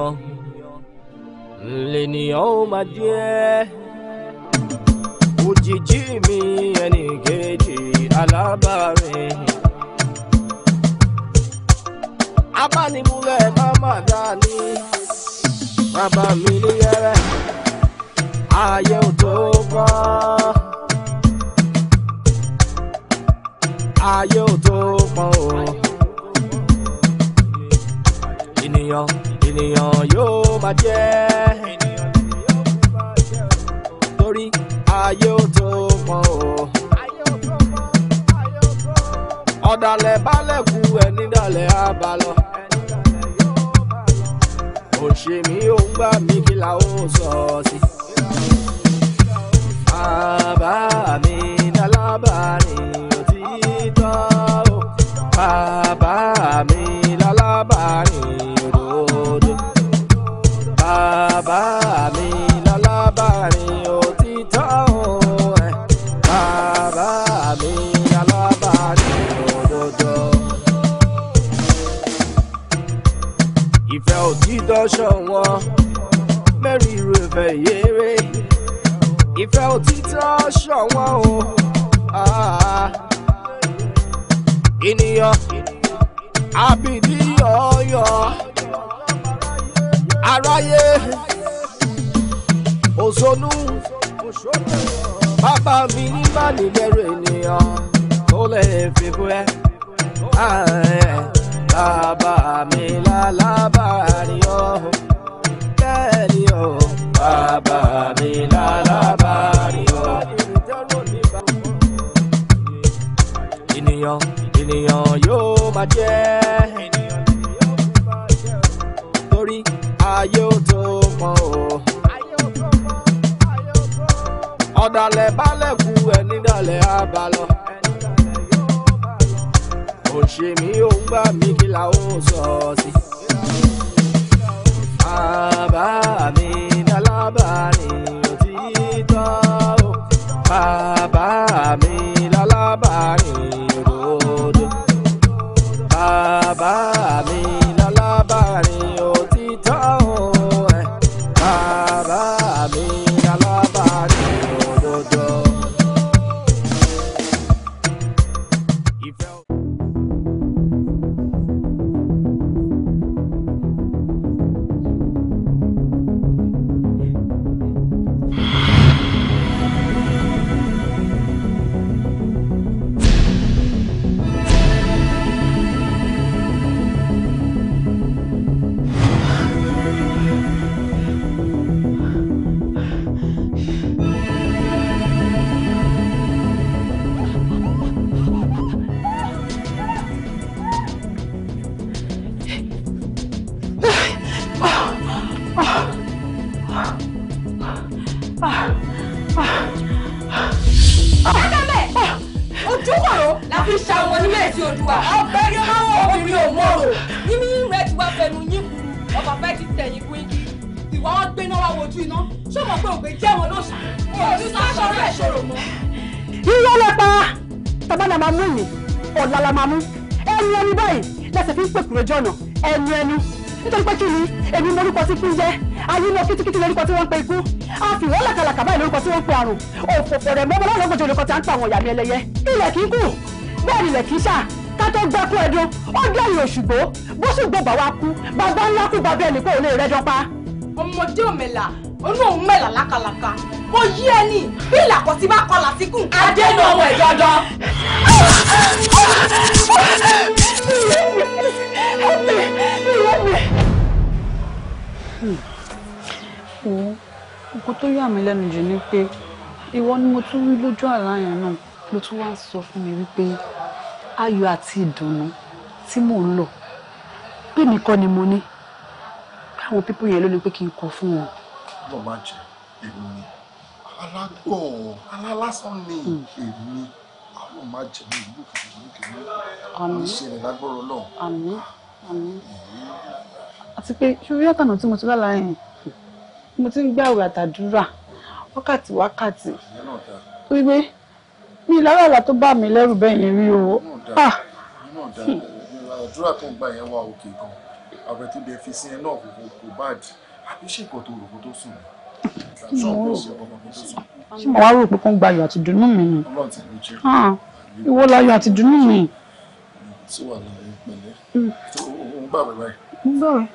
L'ènìyàn l'ènìyàn ó máa jẹ́. Òjìjí mi ẹnì kejì alábàárẹ̀. Abánimúlẹ̀ má má dání. Bàbá mi ní yẹ́rẹ́, ààyè ò tó kọ́. Ààyè ò tó pọ̀ o. Ènìyàn ènìyàn yóò máa jẹ́ torí ayé ò tó mọ́ o. ọ̀dàlẹ̀ balẹ̀ kú ẹni dàlẹ̀ abalọ. òṣè mi ò ń gbà mí kí la ó sọ sí. bàbá mi dálábàá ni òtítọ́ o bàbá mi bàbá rìn ròdò bàbá mi lálábàárín òtítọ́ òun ẹ̀ bàbá mi lálábàárín òdodo. ìfẹ́ òtítọ́ ṣọ̀wọ́n mẹ́rin irú ìfẹ́ yéré ìfẹ́ òtítọ́ ṣọ̀wọ́n o ah, ah. ènìyàn àbìdí ọ̀yọ́ aráyé òṣòlù bàbá mi nígbà nígbẹ̀rù ènìyàn tó lè fi kú ẹ bàbá mi lálábàáríyọ bẹ́ẹ̀ ni o bàbá mi lálábàáríyọ ènìyàn ènìyàn yóò máa jẹ́ torí ayé ò tó pọ̀ o. ọ̀dàlẹ̀ balẹ̀ kú ẹni dàlẹ̀ á bá òṣè mi ò ń gbà mí kí la ó sọ sí. bàbá mi dálábàárì òtítọ́ o bàbá mi lálábàárìn bàbá mi. kitikiti lórúkọ tí wọ́n ń pe igbó àfihàn làkàlàkà báyìí lórúkọ tí wọ́n ń pe àrùn òfòfò rẹ̀ mọ́mọ́ lọ́lọ́gbọ̀jọ lórúkọ tí a ń pa àwọn ìyá ẹlẹ́yẹ ilẹ̀ kì í kù bẹ́ẹ̀ ilẹ̀ kì í ṣà ká tó gbá kú ẹdun ó dé ìrò ṣùgbó bó ṣùgbó bá wa kú bàbá ńlá kú bàbá ẹnì kò lè rẹ́jọ pa. ọmọdé òmẹ̀là onú òun mẹ̀là lákàlàkà mo yí ẹni bí ìlàkọ̀ tí bá kọ làtíkùn. adé nu ọmọ ẹ̀ dandan. ìyá mi ìyá mi. nǹkan tó yà mí lẹ́nu jù ni pé ìwọ ni mo tún rí lójú àlá yẹn náà ló tún wá ń sọ fún mi wípé ayọ̀ àti ìdùnnú tí mò ń lò pé mi ni mo ní káwọn pípọ̀ yẹn ló ní pé kí n kọ fún wọn. lọ máa jẹ èmi ni alágbọ̀ alálásán ni hmm. èmi àwọn máa jẹ ní ìlú kìnnìkìnnì àmì ìṣẹ̀lẹ̀ lágbọrọ náà. àmì àmì àti pé ṣùgbọ́n yàtọ̀ náà tí mo ti lálàá yẹn mo ti ń gbàwé àtàdúrà wákàtí wákàtí wípé mi lára àlá tó bá mi lẹ́rù bẹ́ẹ̀ yẹn rí o. Ah! àdúrà tó ń gbà yẹn wá òkè gan ààrẹ tó dẹ fi sí ẹ náà kò kò bad àbí ṣe nǹkan tó rò kó tó sùn ṣé mo wá rò pé kó ń gbayọ̀ àti dùnnú mi ni ah! ìwọ láyọ̀ àti dùnnú mi. tí wàá lọ ìpínlẹ̀ tó ń gbàwé báyìí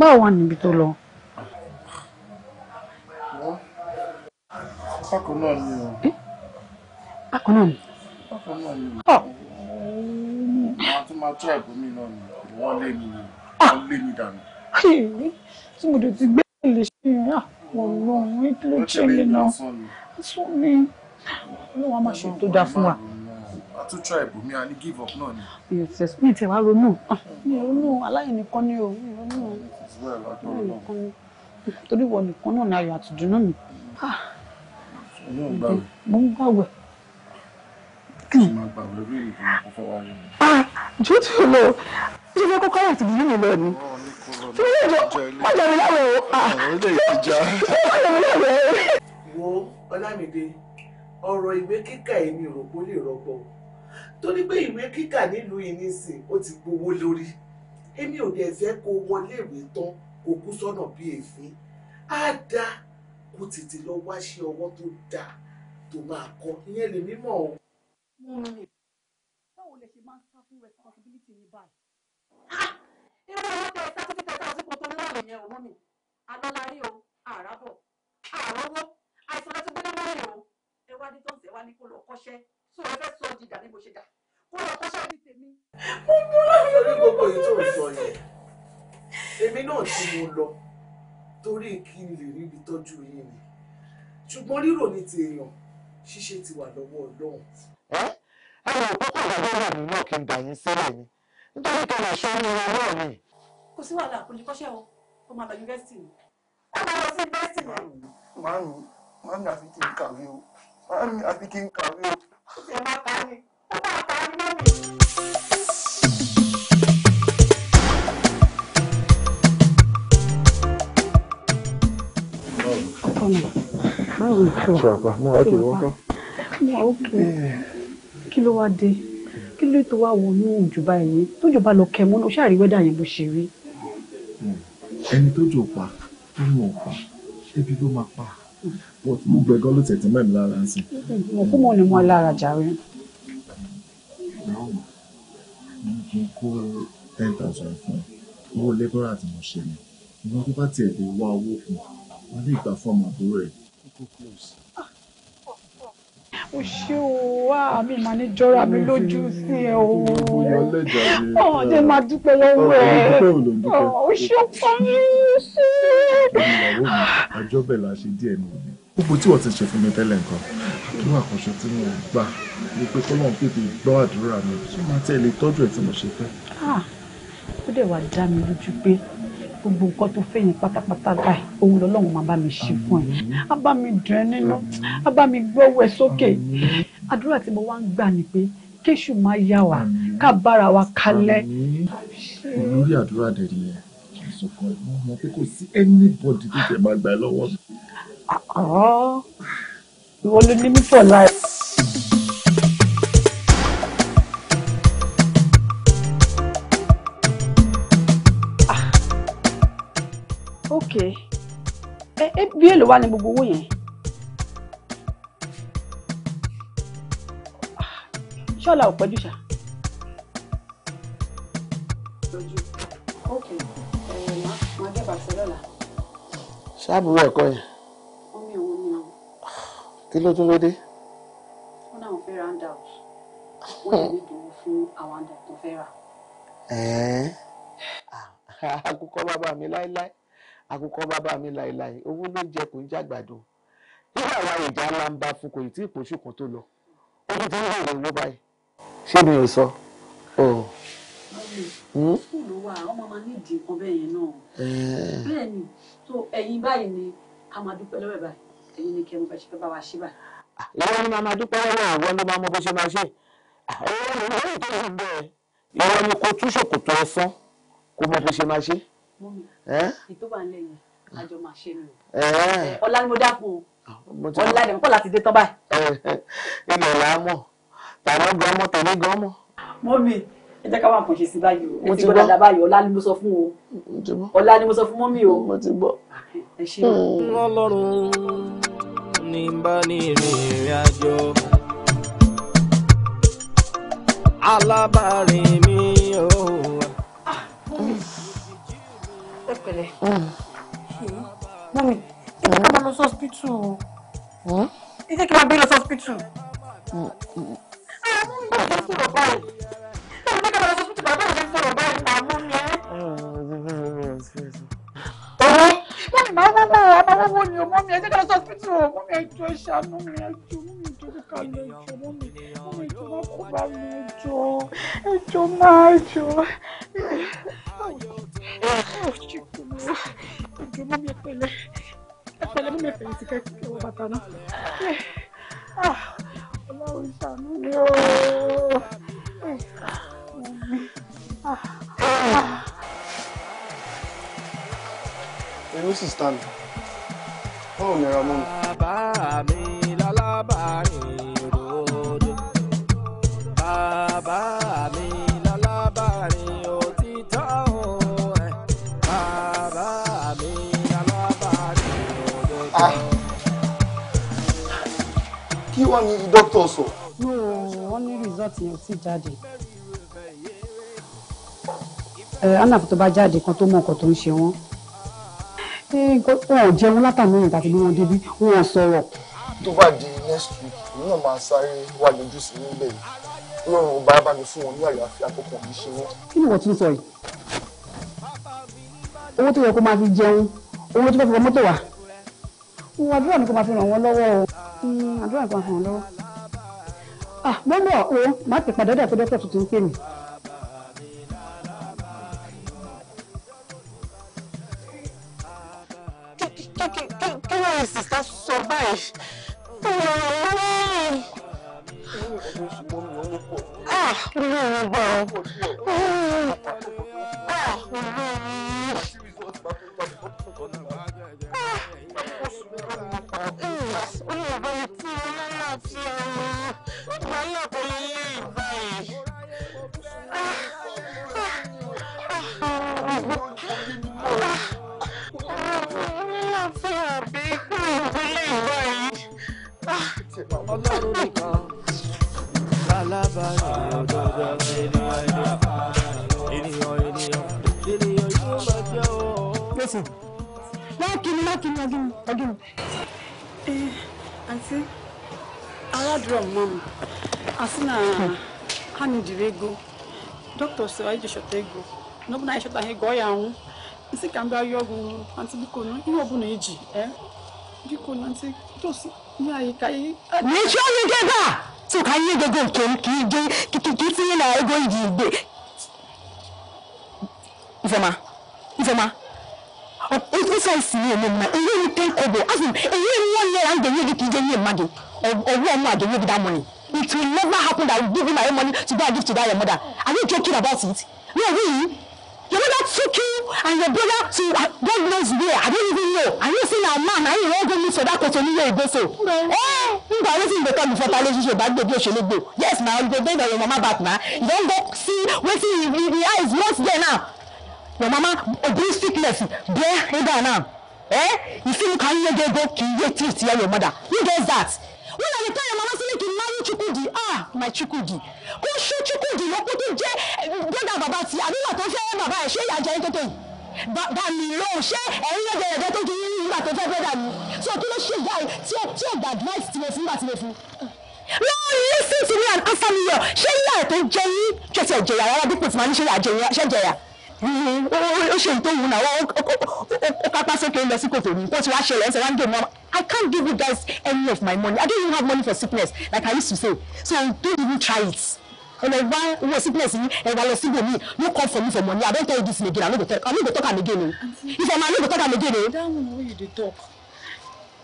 báwo wà níbi tó lọ. bákan náà ni o. Eh? bákan náà ni. bákan náà ni o. màá tún máa tún àgbo mi náà ni wọ́n lé mi ni ah! wọ́n lé mi dànù. tí mo dẹ̀ ti gbé èlé ṣe yẹn àwọn ọlọ́run ní kí ló ṣe lè náà sún a máa ṣe tó dáa fún wa. a tún try ìbomi a ní give up náà ni. mi ò tẹ̀sí mi ìtẹ̀wá ronú ah, mi ronú aláìníkan ni o mi ronú torí wọ nìkan náà ni ayọ̀ àti ìdùnnú mi ah. mo ń gbàwẹ̀. Ah, jù tí o lọ ṣe fẹ́ kókó ayọ̀ àti ìdùnnú mi lọ ni tí mo ah. lè jọ má jà mí láwẹ̀ o tí mo kọ́ jà láwẹ̀ o. wo Ọlámídé ọ̀rọ̀ ìwé kíkà èmi ò rò pé lè rọgbọ torí pé ìwé kíkà nílùú yìí nísìn ó ti gbowó lórí èmi ò dẹ̀ fẹ́ kó wọlé tán kó kú sọ́nà bí èéfín á dá kó tètè lọ wá ṣe ọwọ́ tó dáa tó máa kọ́ ìyẹn lè mímọ̀ o. báwo lè ṣe máa ń sá fún responsibility yín báyìí. irú owó tẹ ẹ sáré títẹ táwọn tó ń láàrin yẹn òun mi alọ́lárí o àràbọ̀ àrọ́wọ́ àìsàn láti gbé lọ́wọ́ rẹ̀ o ẹ wá ní tó ń ní kó lọ kọ́ṣẹ́ tó ẹ fẹ́ sọ ọ́ di dà ní bó ṣe dà kó lọ kó sọ di tèmi. mo mú láti orí gbogbo èyí tó sọ yẹn èmi náà ti mo lọ torí kí n lè ríbi tọ́jú yín ni ṣùgbọ́n rírò ní ti èèyàn ṣíṣe ti wà lọ́wọ́ ọlọ́run. ẹ ẹ rò púpọ̀ bàbá wà nínú kí n gbà yín sílẹ̀ ni nítorí kí n lè ṣọ́ ní ọwọ́ kò sí wàhálà kò ní kọ́ṣẹ́ o ó máa lọ yunifásitì ni. ó máa lọ sí yunifásitì ni. màámi màámi àfi kí n kàwé o màámi àfi kí n kàwé o. ó ti ẹ̀ máa ta ni. ọ̀nà báwo ìṣọ́ ṣàpá mo wá kiri wọ́kọ́. mo wá òkè kí ló wá dé kí ló tó wá wọnú òjòba yìí tójọba lọ kẹ mọ́nà ó ṣàrí wẹ́dà yẹn bó ṣe rí. ẹni tó jò pa tó lò pa ló máa pa mo gbẹ gan ló tẹ̀tẹ̀ mẹ́rin lára ń mo kú mọ́ ni mo lára jàre. mo kó ten thousand fún ẹ owó lẹ́bọ̀rà tí mo ṣe ni ìwọ́n bá tiẹ̀ lè wá owó fún un wọ́n lè gbà fún ọmọ àbúrò ẹ̀. o ṣé o wá àmì ìmọ̀ ní jọra mi lójú sí ẹ o ọ̀hún jẹ́ máa dúpẹ́ lọ́wọ́ ẹ o ṣé o fún mi sí. àjọbẹ̀ la ṣe díẹ̀ ní òní gbogbo tí wọ́n ti ṣe fún mi tẹ́lẹ̀ nǹkan àdúrà àkànṣe tí mo gbà ni pé kọ́lọ́run tètè gbọ́ àdúrà mi tí mo máa tẹ̀lé tọ́jú ẹ̀ tí mo ṣe fẹ́. Ah, ó dẹ̀ wá dá mi lójú pé gbogbo nǹkan tó fẹ́ yẹn pátápátá báyìí òun lọ́lọ́run máa bá mi ṣe fún ẹ á bá mi dùn ẹ nínú á bá mi gbọ́wọ́ ẹ sókè àdúrà tí mo wá ń gbà ni pé kéṣù máa yá wa ká bára wa kalẹ̀. olórí àdúrà dẹ̀rí yẹn sọ fún ẹ mọ pé kò sí anybody tó tẹ̀ máa gbà lọ́wọ́ mi. ìwọ ló ní mí pọ̀ láì. ok ẹ ẹ bí èlò wà ní gbogbo owó yẹn. Ah, ṣọ́la ò pẹ́jù ṣá. ṣáàbùrọ̀ ẹ̀kọ́ yẹn. kí ló tún ló dé. wọ́n náà fẹ́ round out wọ́n lè ní ìdòwò fún àwọn àdàkùn fẹ́ rà. ẹ̀ẹ́ àkùkọ ah, bàbá mi láéláé àkùkọ bàbá mi láéláé owó ló ń jẹ kò ń jàgbàdo nígbà wa ìjà ńlá ń bá fún kò ì tí ì pòṣù kan tó lọ ó ti ń rìn owó báyìí ṣé mi ò sọ. Hmm? skulu wa ọmọ máa ní ìdí nǹkan bẹ́ẹ̀ yẹn náà bẹ́ẹ̀ ni tó ẹ̀yin báyìí ni ká máa dúpẹ́ lọ́wọ́ báyìí ẹ̀yin ni kí ẹnu bẹ́ẹ̀ ṣe fẹ́ bá wa ṣe báyìí. Ah, ìwọ ni màá máa dúpẹ́ lọ́wọ́ àwọn ló máa ah, bó ṣe máa ṣe ìwọ ni kó tú ṣòkòtò ọ̀sán kó mọ bó ṣe máa ṣe ìtò wà lẹ́yìn àjọ máa ṣe ni o ọlá ni mo dákun o ah, ọlá ni mo kọ́ láti dé tán báyìí. ilẹ̀ là á mọ̀ tàná gan mọ̀ tàná gan mọ̀. mọ́mì ẹ jẹ́ ká wà nǹkan ṣe sí báyìí o ẹ ti gbọ́ dáadáa báyìí ọlá ni mo sọ fún o ọlá ni mo sọ fún mọ́mì o. mo ti gbọ́. ẹ ṣe é. Hmm. ọlọ́run ní bá ní ìrìn àjò alábàárìn mi ò wá ẹ pẹ̀lẹ́. mọ́mi ẹ jẹ́ ká máa lọ sọ́spítù o ẹ jẹ́ kí máa gbé lọ sọ́spítù. àwọn ọmọ mi ò sọ̀rọ̀ báyìí ẹ jẹ́ ká máa lọ sọ́spítù bàbá mi ò sọ̀rọ̀ báyìí àmú mi ẹ. ọ̀rẹ́ mọ́mi máa bá bá bá bá wọ́n ni o mọ́mi ẹ jẹ́ ká lọ sọ́spítù o mọ́mi ẹ jọ̀ọ́ ṣàánú mi ẹ jọ̀ọ́ mọ́mi ìjọba kan ní ẹjọ́ mọ́mi mọ́mi ìjọba kó bá mi ẹjọ́ ẹjọ́ máa ẹjọ́. É, tipo, eu vou pele não Apanhar minha Você quer que eu vou matar, não? Ah, não, já não deu. Eu estão. Oh, meu amor. Baba, kí hmm, wọ́n ní dókítà sọ. wọ́n ní rìsọ́ọ̀tì yẹn ti jáde anaf tó bá jáde kan tó mọ ọkọ tó ń ṣe wọn wọn ò jẹun látàmú ìrìn tàbí wọn débi wọn ò sọ̀rọ̀. tó bá di next week èmi náà máa sáré wá lójú sí níbẹ̀ yìí ọlọ́run ọba bá mi fún wọn ní àyàfi àkókò yìí ṣe wọn. kí ni wọ́n tún sọ yìí owó tó yẹ kó máa fi jẹun owó tó fẹ́ fi ra mọ́tò wá àdúrà ni kò máa fi ràn wọ́n lọ́wọ́ o àdúrà hmm, ni kò máa fi ràn wọ́n lọ́wọ́. Ah, gbọ́dọ̀ o má ti padà dà pé dókítà tuntun ń pè mí. kí ló ń sista sọ báyìí? ah mi ò ní bọ̀ ọ́. atọsịwaijishọta ego n'ọbụna anyị chọtaghị ego ọ ya anwụ nsị ka m bịa rịọ ọgwụ antị biko ihe ọbụla eji biko na ntị tosi ihe anyị ka anyị mechie ọnụ gị ebe a tụ ka anyị ego nke m ka ige ka itinye na ego iji igbe ifeoma ifeoma ịsa isi ya eme mma ihe m ten kobo azụ m enye m nwa naira m ga-enye gị ka ije nye mmadụ ọgwụ ọnwa ga-enye gị damoni It will never happen that I will give you my own money to go and give to that your mother. Are you joking about it? No, really? Your mother took you and your brother to uh, God knows where. I don't even know. Are you seeing a man? Are you all going for that question eh, where you go so? No. Eh? Ngba wetin you dey talk before Tale Ṣiṣe bá gbèbí òṣèlégbò. Yes na, you go beg your mama back na. You don go see see the eye is not there now. Your mama obey sickness bear eba now. Eh? You see, can you go go kill your teeth to your mother? Who does that? When I dey tell your mama my Chukwudi kó ṣó Chukwudi lókun tó jẹ́ gbọ́dọ̀ eh, bàbá ti àbíwà tó fẹ́ bàbá ẹ̀ ṣé ìyàjẹ́ ní tótó yìí bàbá mi ló ṣe ẹ̀rín ló jẹ̀rẹ̀dẹ̀ tó ti rí nígbà tó fẹ́ bẹ́ẹ̀ dà mí so kí ló ṣe ìyá ẹ̀ tí ó tí ó gbà advice ti mo fún nígbà tí mo fún lórí listen to me and answer me yọ ṣé ìyá ẹ̀ tó jẹ yín ṣe ti ẹ̀jẹ̀ yàrá dípò tí màá ní ṣe ìyá jẹ yín ṣe jẹ yàrá ó ṣe nǹkan òun náà ó kápá sókè lọ sí kòtò ní kó ti wá ṣẹlẹ̀ ẹsẹ̀ wá ń dè mọ́ I can't give you guys any of my money I don't even have money for sickness like I used to say so don't even try it ẹnna ẹ wá owó sickness yìí ẹ wá lọ síbò mí no come for me for money I don tell you this again I no go talk I no go talk am again o if ọmọ I no go talk am again o. that one wey you dey talk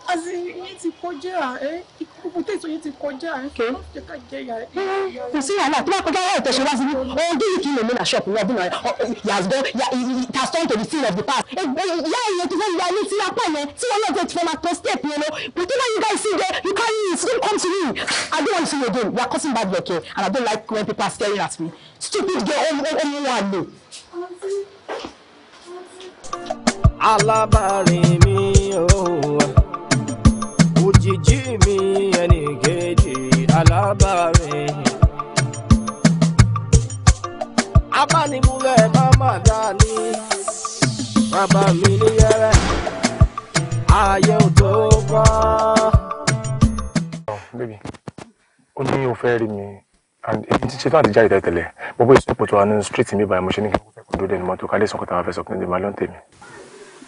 àti yín ti kọjá ẹ ikú tẹ̀sán yín ti kọjá ẹ kẹ́ kò sí yàrá tó bá kọjá yàrá ìtẹ̀sẹ̀ wá sí ní ojú yìí kì í lè mú náà ṣọ́ọ̀pù wọ́n bí náà he has gone it has of the past. ìyá ìyẹn tó fẹ́ lu ayé tí apá yẹn tí wọ́n náà ti fẹ́ máa tọ́ step yẹn lọ but when you guys see there you carry it still come to me I don't want to see you again you are causing bad luck here and I don't like when people are staring at me stupid girl ọmọ wa lè. alábàárẹ̀ mi ò oh, wá òjijì mi ẹnì kejì alábàárẹ̀. abánimúlẹ̀ mama dání bàbá mi níyẹrẹ ayé ò tó kọ́. ó ní o fẹ́ rí mi and èmi ti ṣetán àti jáde tẹ́lẹ̀ gbogbo ìsopọ̀ tó wà nínú street mi báyìí mo ṣe ní kí n fẹ́ kó dúró dẹnu mọ́tò kálẹ̀ sọ̀kọ̀ táwọn afẹ́sọ̀kọ̀ ní ìdè máa lọ́n tèmi.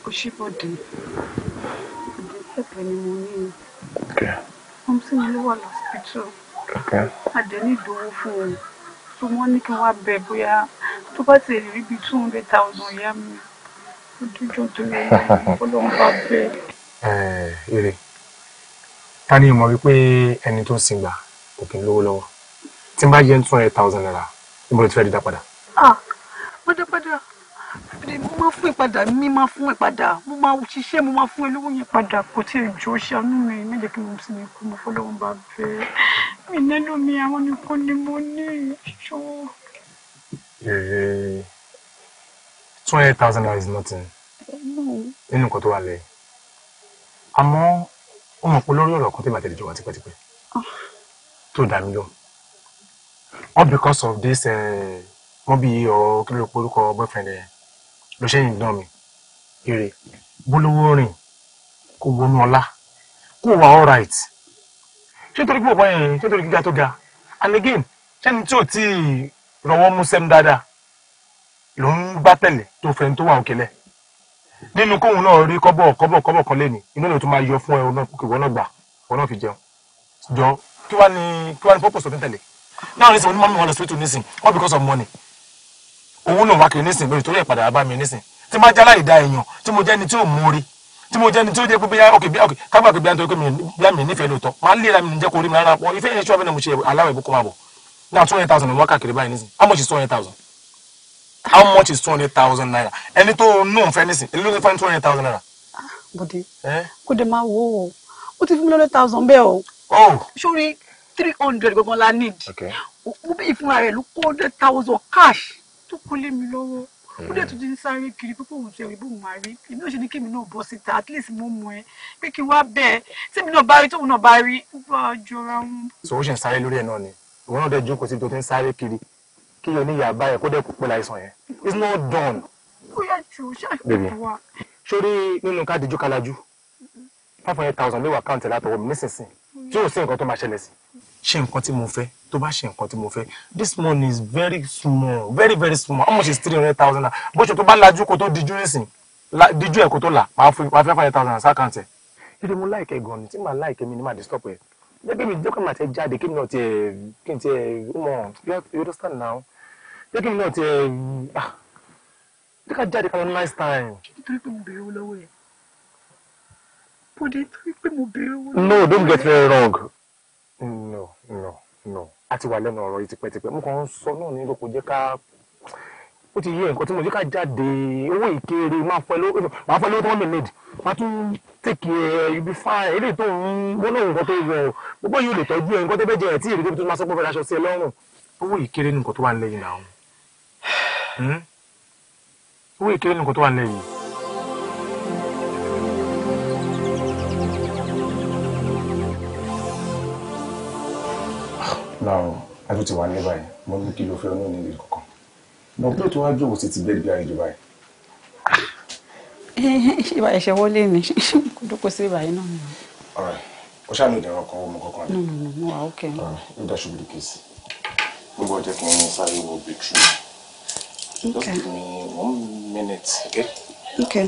òṣìbọ̀dé ìdẹ́sẹ̀pẹ̀ ni mo ní wọ́n sì ní wà lọ́sibítù àdéhùn ìdòwò fún un so wọ́n ní kí wọ́n bẹ̀ bóyá tó bá ti rí bíi two hundred thousand yá mi ó dúdú tó lè kó lóun bá bẹ̀. ire ta ni mọ̀ wípé ẹni tó ń sin gbà kò kí n lówó lọ́wọ́ tí n bá naira níbo ti fẹ́ rí dá padà. ah lè mo máa fún ìpadà mi máa fún ìpadà mo máa ṣiṣẹ́ mo máa fún ẹ lówó yẹn padà kò tí ì jọ ṣàánú mi méje kí mo sì ní kú mo fọlọ́run bá bẹ́ẹ̀ mi nẹ́nu mi àwọn nìkan ni mo ní ìṣó. èrè twenty thousand naira is nothing nínú nǹkan tó wà lẹ́yìn àmọ́ ó mọ̀ pé lórí ọ̀rọ̀ kan tí màtẹ́lẹ̀ jọba tipẹ́tipẹ́ tó dá mi lóhùn all because of this eh, wọ́n bí ọ̀rọ̀ kí ló ń porúkọ boyfriend yẹn ló ṣe ń dán mi èrè bólówó rìn kó wọnú ọlá kó wà all right ṣé torí pé bàbá yẹn ṣé torí gíga tó ga and again ṣẹ́ni tí ò tí ì rọwọ́ mú sẹ́mu dáadáa ló ń bá tẹ̀lé tó fẹ́ tó wà òkèlẹ̀ nínú kóhun náà rí kọ́bọ̀ kọ́bọ̀ kọ́bọ̀ kan lẹ́nu inú ló tún máa yọ fún ẹ ọ̀nà kókè wọ́n náà gbà wọ́n náà fi jẹun jọ kí wàá ní kí wàá ní purpose tó ń tẹ̀lé náà ní sọ wọn ní mọ́mí wọn lọ sí ètò nísìn all because of money owó náà wá kiri nísìn lórí torí ẹ̀ padà bá mi nísìn tí má jálá ìdá èèyàn tí mo jẹ́ ni tí ò mú orí tí mo jẹ́ ni tí ó jẹ́ pé bíyà òkè bíyà òkè kábàá kò bíyà nítorí pé bíyà mi nífẹ̀ẹ́ lóòótọ́ máa ń léra mi níjẹ́ kó rí mi rárá wọn ìfẹ́ yẹn ṣọ́ abẹ́nà mo ṣe aláwọ̀ ìbùkún máa bọ̀ now two hundred thousand ló wá káàkiri báyìí nísìn how much is two hundred thousand how much is two hundred thousand naira ẹni tó nù ń fẹ́ nísìn èlé ló ti fẹ́ two hundred thousand naira. bòde kò dé máa wò ó ó ti fún mi lọ́dọ̀ thousand bẹ́ẹ̀ o. Oh! sórí three hundred gbọ̀ngàn la need. mo bí ìfúnra rẹ̀ ló kó hundred thousand cash tó kó lé mi lọ́wọ́ ó dẹ̀ mm. tún ti ń sáré kiri pé kóun ti ẹ̀rí bóun máa rí èmi náà ṣe ní kémi náà bọ́ síta at least mo mọ ẹ pé kí n wá bẹ́ẹ̀ tèmi náà bá rí tóun náà bá rí bá a jọra wọn. sọ ó ṣe ń sáré lórí ẹ náà ni ìwọ náà dẹ̀ jókòó sí tó ti ń sáré kiri kí oníyà bá ẹ kó dẹ̀ kó pẹ̀lú àìsàn yẹn it's not done. ó yà jù ó ṣàkóso wa. sórí nínú káàdì jókàlájú five hundred thousand lè wà káùntì látọwọ́ mi nísinsìnyí tí ò sí nǹkan tó máa ṣẹlẹ̀ sí. ṣé nǹkan tí mo fẹ́ tó bá ṣe nǹkan tí mo fẹ́ this money is very small very very small how much is three hundred thousand naira bó ṣe tó bá lajú kó tó dijú nísìn dijú ẹ̀ kó tó là máa fẹ́ five hundred thousand naira sákàǹtì ẹ̀. ìdí mo láìkẹ́ gan ni tí màá láìkẹ́ mi ni màá disturb ẹ̀ jẹ́kẹ́ mi jẹ́kẹ́ màá tẹ jáde kí mi náà tiẹ̀ kí n tiẹ̀ mọ̀ you understand now jẹ́kẹ́ mi náà tiẹ̀ ah jẹ́kẹ́ jáde kan nice time. nítorí pé mo bèrè owó lọ́wọ́ ẹ̀ bó de nítorí pé mo bèrè owó lọ́wọ́ no don't get me wrong no no no a ti wà lẹ́nu ọ̀rọ̀ yìí tipẹ́tipẹ́ mo kàn ń sọ náà ní lóko jẹ́ ká ó ti yé nǹkan tí mo jẹ́ ká jáde owó ìkéré máa fẹ́ lówó máa fẹ́ lówó tó wọ́n lè nèdì máa tún tèkì ẹ̀ ibi fa èdè tó ń wọ́n náà nǹkan tó wọ̀ ọ́ gbogbo yìí ò lè tọ́jú ẹ̀ nǹkan tó bẹ́ẹ̀ jẹ́ ẹ̀ tí èrè tó máa sọ pé fẹ́ daṣọ sí ẹ lọ́rùn owó ìkéré nǹkan tó wà ń lẹ́yìn náà hmm? owó ìkéré nǹkan tó wà ń lẹ́yìn. láàrún adó ti wà ní báyìí mo ní kí ló fẹ́ ní onílé kankan mo pé tó wá jókòó sí ti bẹ́ẹ̀ bí àìjọba yìí. ṣé ìbá ẹ̀ṣẹ̀ wọlé ni kò dókòó sí ìbá yìí náà ni. ọ̀rẹ́ o ṣáà ní ìdẹ̀rọ kan ọmọ kankan ni. mo wà ókè. ó dá ṣubú kéésì gbogbo ọjọ́ kí n sáré wo big shoe. just give me one minute okay. okay.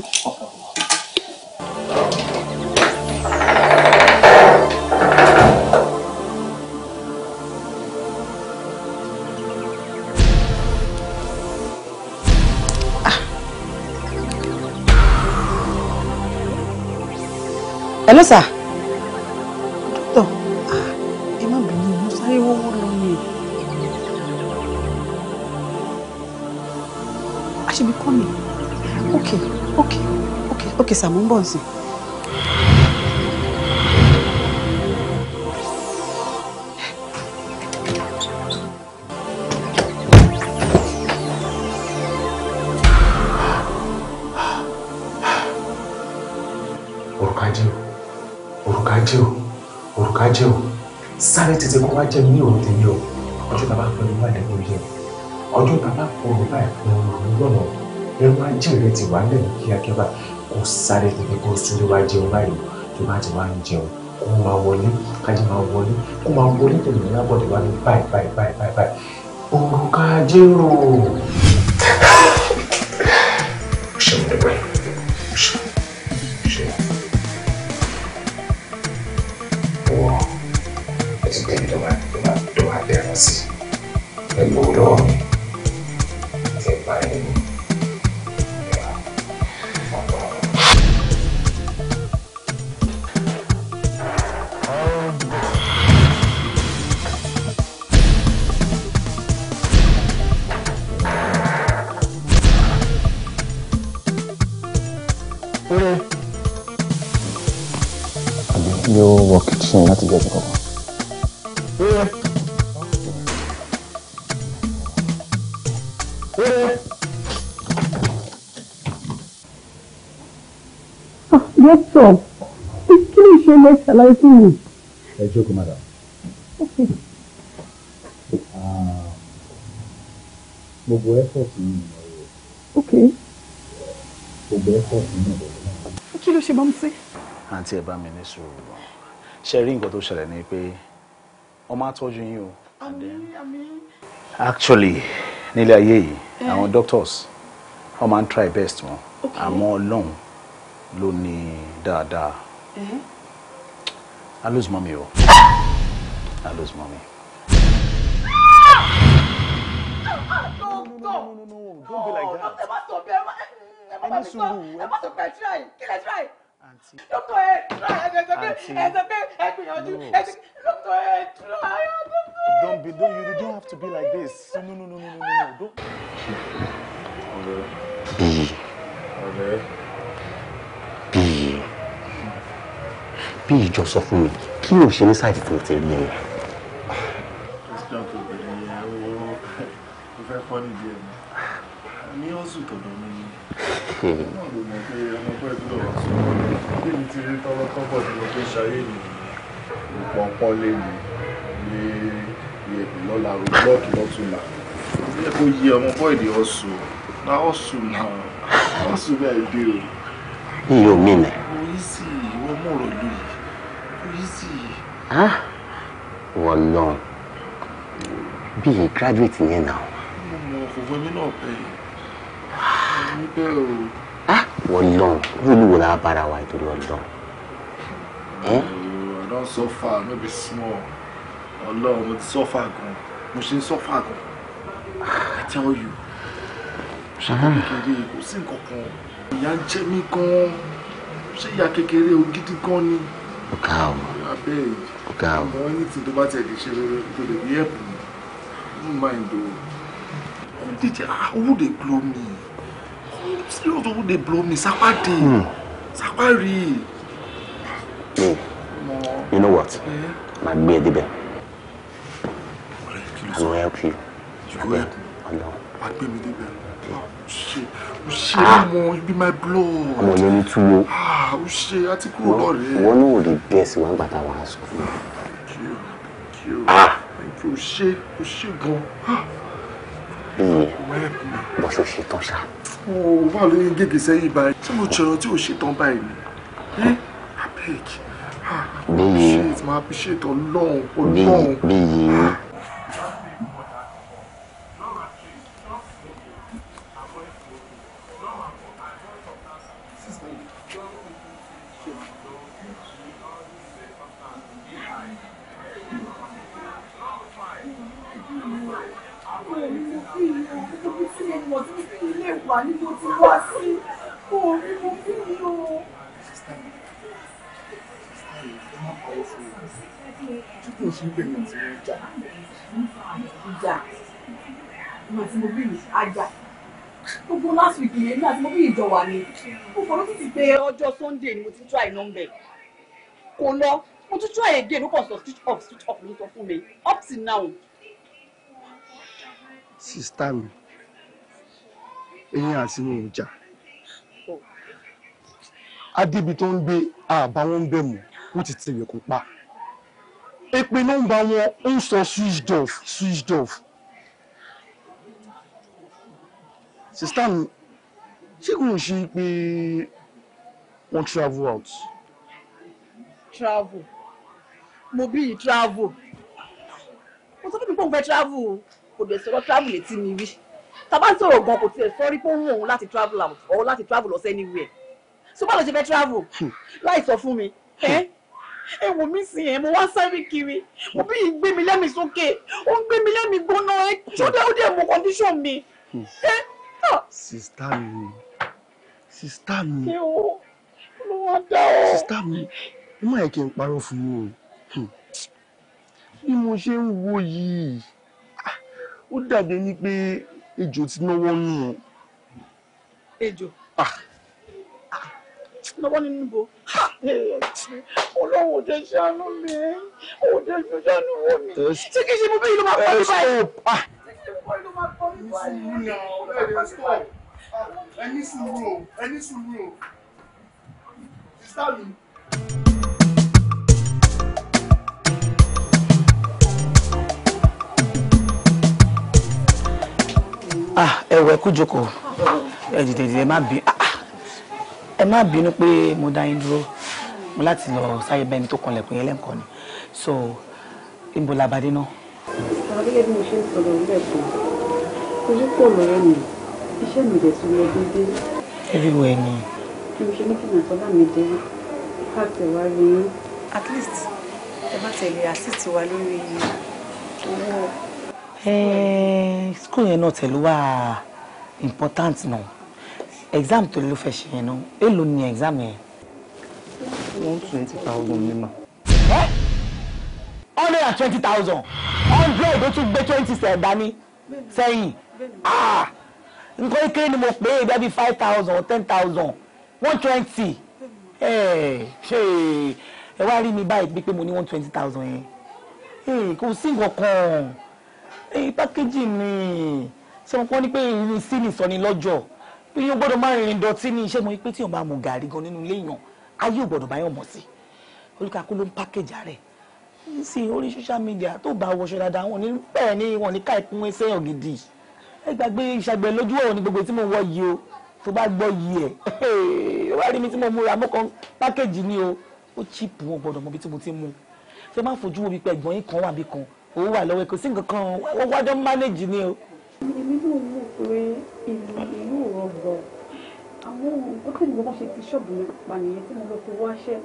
hello sir dókítà ah, ẹ má bínú mo sáré wọ́wọ́ lọ ni àṣebí kọ́ mi ok Okay, okay, okay, sir mo ń bọ̀ nsìn. jẹ o sáré tètè kó wá jẹ mí òun tèmi o ọjọ́ tá a bá pẹ́ ní wáyé lẹ́nu yẹ ọjọ́ tá a bá pọ̀ ní báyìí pé òun òun lọ́nà ẹnu ajé rẹ ti wà lẹ́yìn kíákíá báyìí kó sáré tètè kó súnlé wá jẹun báyìí tó bá ti wá ń jẹun kó máa wọlé kájí máa wọlé kó máa wọlé tèmi lábọ̀dé wá ní báyìí báyìí báyìí báyìí òrùka jẹ́rò. dókítà kí ló me lè ṣàlàyé fún mi. ẹ jókòó madam. Ah, gbogbo effort yìí ni mo rò. gbogbo effort yìí ni mo rò. kí ló ṣe bá mi sí. àǹtí ẹ bá mi ní sùúrù ṣe rí nǹkan tó ṣẹlẹ̀ ni pé ọmọ àtọ́jú yín o. actually nílé ayé yìí eh. àwọn doctors wọ́n máa ń try best wọn àmọ́ ọlọ́run ló ní dáadáa I lose mommy o I lose mommy. Don't be like that. Oh, Ẹni sùúrù ẹ. Dọ́kítọ̀ eh? ẹ try ẹ ṣe pé ẹ ṣe pé ẹ gbìyànjú ẹ ṣe dọ́kítọ̀ ẹ try. Don't be don't you don't have to be like this. No no no no no no no. Don't. Ọ̀rẹ́. Ọ̀rẹ́. bí ìjọ sọ fún mi kí ló ṣe ní sáìtì tí mo ti rí ní ọ̀sùn tọ̀dọ̀ mi ni náà mọ̀ pé ọmọ pẹ́ tó lọ́wọ́ sọ bí mi ti rí tọ́lọ́ tọ́pọ̀ tí ṣayé mi ìpọ̀npọ̀ lé mi ní ìyẹ̀bù lọ́la rògbòkì lọ́tùnà ẹ kò yí ọmọ pọ́ ọ̀sùn náà ọ̀sùn náà ọ̀sùn náà èdè o. mi ò mí nẹ. mo yí sí ìwọ mọ̀rọ̀ lóyìí. Huh? wọ́n Be a graduate in here yẹn náà. mo mọ òfófó mi náà pẹ́ níbẹ̀ o. wọ́n lọ rúlù wo to do wa ìtòrí ọlọ́run. I don so far, maybe small ọlọ́run mo ti suffer gan mo ṣe so far gone. I tell you ṣe kékeré kò sí nǹkan kan ìyà ń jẹ mí gan ṣé ìyà ọ̀gá o ọ̀gá o. àwọn onítì tó bá tẹ̀lé mind o. DJ ah, who dey blow me serious who dey blow me sapa dey me you know what eh? My gbé e débẹ̀ I will help you. you go help me. ọlọ́run. máa gbé mi débẹ̀. Ah, o ṣe ọmọ ibi my blood. ọmọ ló ní túwó. o ṣe àti kúrò lọ́rẹ̀ẹ́. wọn náà ò lè bẹ́ẹ̀ wọn gbàtà wọn aṣọ fún mi. thank you thank you ah! o ṣe o ṣe gan. Ah! bíi bọ́sọ̀ ṣe tán ṣá. o wà lórí gègé sẹ́yìn báyìí tí mo jọrọ tí o ṣe báyìí ni. abeg. bíi bíi bíi. mà ní mo ti wá sí orí mo fi mi o. tí kò sí bẹ̀rẹ̀ tí wọ́n jà. ìjà ìgbà tí mo bí ajá gbogbo last week yẹn nígbà tí mo bí ìjọ wà ní mo kàn ló ti ti pé ọjọ́ Sunday ni mo ti try number kò lọ mo tún try again ó kàn sọ switch off switch off ló sọ fún mi up till now. sista mi èyí àti mi ò jà adébi tó ń gbé àbá wọn ń bẹ mọ wọn ti tilẹ̀ kó pa èpè nọ́mbà wọn ó ń sọ switched off switched off sista mi ṣé kò ń ṣe pé wọ́n travel out. travel mo bí i travel mo sọ fún mi pé òun fẹ́ travel kò dẹ̀ sọ̀rọ̀ travel létí mi rí tàbá ń sọ̀rọ̀ gan kò tiẹ̀ sọ́rí pé ó wù òun láti travel or láti travel lọ sí anywhere so báwo ló ṣe fẹ́ travel hmm. láì sọ fún mi hmm. ẹ wò mí sí ẹ mo wá sáré kiri mo bí gbé mi lẹ́mìí sókè ó ń gbé mi lẹ́mìí gbóná ẹ tó dé ó dé mo condition mi. Hmm. sista mi sista mi sista mi ó má yẹ kí n parọ́ fún yín o bí mo ṣe ń wo yìí ah, ó dàbí ẹni pé ejò ti náwó nù. ejò. náwó ah. ah, nínú ibo. olówó jẹ ṣàánú mi òde jẹ ṣàánú wò mí. tí kì í ṣe mo bẹ́ẹ̀ ló máa kọ́ mi báyìí. tí ah. kì í ṣe mo bẹ́ẹ̀ ló máa kọ́ mi báyìí. ẹni sùúrù náà ẹni sùúrù ẹni sùúrù ẹni sùúrù sísá mi. ah ẹ̀wẹ̀ kú jókòó ẹ dìde dìde má bí ah, ah. ẹ má bínú pé mo dá yín dúró mo láti lọ sáyé bẹ́ẹ̀ mi tó kan lẹ̀kùn yẹn lẹ́ǹkan ni so ibo la bàdé náà. àwọn gẹ́gẹ́ bí mo ṣe ń sọ̀rọ̀ ń bẹ̀ fún ojú pọ̀ lọ́rẹ́ mi iṣẹ́ mi dẹ̀ tún lọ déédéé. everywhere ni. kí mo ṣe ní kí n àtọ́lá mi dé káàtẹ̀ wá rí yín. at least ẹ bá tẹ̀lé assist wa lórí owó Eh, school yẹn náà tẹ̀lé wà important náà exam tó ló fẹ́ ṣe yẹn náà èló ni exam yẹn. one twenty thousand ní ma. hundred and twenty thousand hundred ó tún gbé twenty sẹ̀ dání sẹ́yìn ah! nǹkan kékeré ni mo pè é bẹ́ẹ̀ bí five thousand or ten thousand one twenty eh, ṣe ẹ wá rí mi báyìí pé mo ní one twenty thousand yẹn eh, kò sí nǹkan kan ẹ̀yin pákéjì ni ṣé wọn kọ́ ni pé ìrìn sí ni sọ ni lọ́jọ́ ìyẹn gbọ́dọ̀ máa rìnrìn dọ̀tí ni iṣẹ́ mọ̀ pé tí yóò máa mu gàrí gan nínú ilé yàn ayé ò gbọ́dọ̀ báyọ̀ mọ̀ sí olùkàkú ló ń pákéjì rẹ̀ sí orí social media tó bá wọṣọ dáadáa wọn ní bẹ́ẹ̀ ni wọn ní ká ìkún ẹsẹ̀ ògidì ẹ gbàgbé ìṣàgbẹ̀ lójú ọ̀rọ̀ ní gbogbo tí mo wọ yìí o tó bá gbọ́ yìí ẹ̀ wá rí mi tí mo múra mọ́kàn pákéjì ni o ó chíìpù wọn gbọ́dọ̀ mọ bí tí mo ti mú ṣé má fojú wo bí pé yín kan wà bí kan owó wà lọ́wọ́ kò sí nǹkan kan ó wájọ́ manage ni o. èmi náà mọ̀ pé ìlú ìlú ò rọ̀ àwọn nǹkan tí mo bá ṣe ti ṣọ́ọ̀bù mi pa nìyẹn tí mo lọ fi wáṣẹ́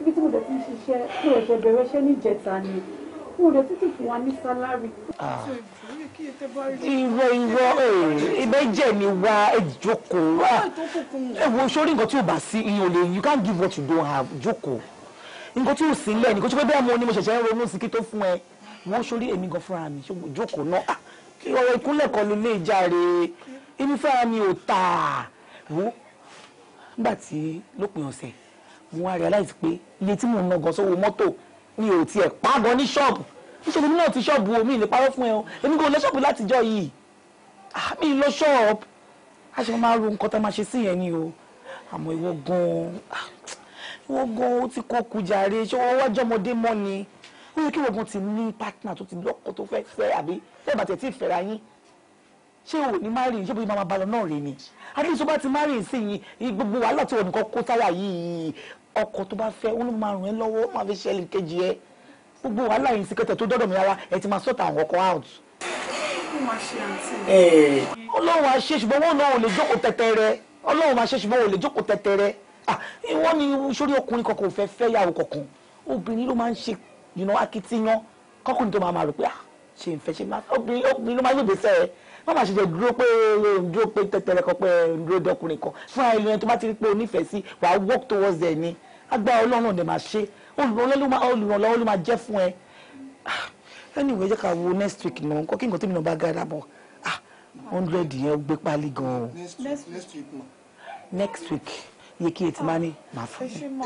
ibi tí mo dẹ̀ ti ń ṣiṣẹ́ tí mo ṣe bẹ̀rẹ̀ iṣẹ́ níjẹta ni mo dẹ̀ títí fún wa ní sálárì. Ah. irọ́ irọ́ eh, ibẹ̀ jẹ́ mi wá ìjókòó wá ah. ẹ wo sórí nǹkan tí ò bá sí iyan lè you can't give what you don't have jókòó nǹkan tí ò sí lẹ́ẹ̀ nǹkan tí pé bẹ́ẹ̀ mo ni mo ṣẹ̀ṣẹ̀ ń ronú sí kí tó fún ẹ wọ́n sórí èmi gan fúnra mi jókòó náà ah, kí ọ̀rọ̀ ìkúnlẹ̀ kan ló lè jàre èmi fúnra mi ò tà wọ́n nígbà tí lópin ọ̀sẹ̀ mo wá realize pé iye tí mò ń ná sówó mọ́tò mi ò tiẹ̀ pa gan ní ṣọ́ọ̀bù níṣẹ́ ni náà ti ṣọ́ọ̀bù omi ìlè parọ́ fún ẹ o èmi kò lọ ṣọ́ọ̀bù látijọ́ yìí ah, mi lọ ṣọ́ọ̀bù a ṣe máa ro nǹkan tá máa ṣe sí yẹn ni o àmọ́ ìwọ gan-an ah, ìwọ gan-an ó ti kọ́ kú jàre ṣé wọ́n wájọ́ ọmọdé mọ́ ni ó yẹ kí ogun ti ní partner tó ti lọ́kọ tó fẹ́ fẹ́ àbí bẹ́ẹ̀ bàtẹ̀ tí ìfẹ́ra yín ṣé o ní márì ṣé bóyá máa balọ̀ náà rè ni àdéhùn tó bá ti márì sí yín gbogbo wàhálà tí wọn nìkan kó sáyà yìí ọkọ tó bá fẹ́ wọn ló máa ràn ẹ́ lọ́wọ́ máa fi ṣe kejì ẹ gbogbo wàhálà yìí sí kẹtẹ tó dọ́dọ̀ mi rárá ẹ ti máa sọ́ta àwọn ọkọ̀ out. ọlọ́run àṣẹ ṣùgbọ́n wọn ò lè jókòó tẹ̀tẹ̀ rẹ ọlọ́run àṣẹ ṣùgbọ́n ò lè jókòó tẹ̀tẹ̀ rẹ ìwọ ni sórí ọkùnrin kankan ò fẹ́ fẹ́ yàwó kankan obìnrin ló máa ń ṣe you know akitiyan kọkùnrin tó máa máa rò pé ah ṣe ń fẹ́ ṣe máa obìnrin obìnrin ló máa gbèbè sẹ́ ẹ má máa ṣe jẹ́ dúró pé dúró pé tẹ̀tẹ̀rẹ̀ kan pé dúró dọkùnrin kan fún àìlú yẹn tó bá ti rí pé o nífẹ̀ẹ́ sí wà á work towards ẹ̀ ni agbára ọlọ́run ọ̀dẹ̀ máa ṣe olùrànlọ́wọ́ ló máa jẹ́ fún ẹ. Ah, anyway jẹ́ ká wo next week náà nǹkan kí nǹkan tó mi náà bá gára bọ̀ ah hundred yẹn gbé pálí gan-an. next week. next week iye kí etí máa ní máa fún mi.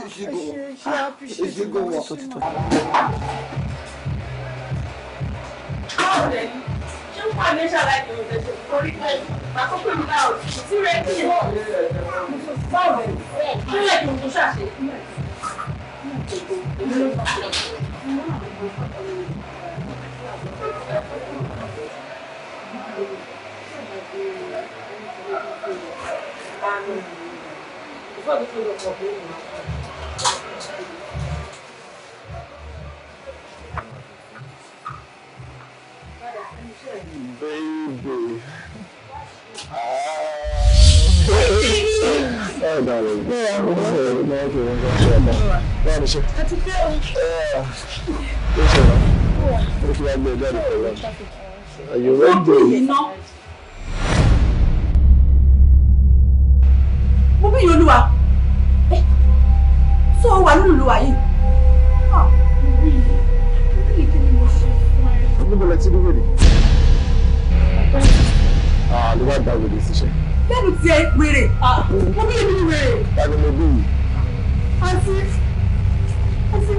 tó ti tó. ṣé ń pàdé ṣàlàyé ìròyìn ẹ̀jẹ̀ torí pé àkókò mi náà ti rẹ̀ kí ẹ̀ báwo ẹ̀ kí ẹ̀ tó ń ṣàṣe. Thank you. Baby. Ẹ dàrú. ti ẹ péré. mo bí èmi wèrè. ẹni mo bí yìí. àti àti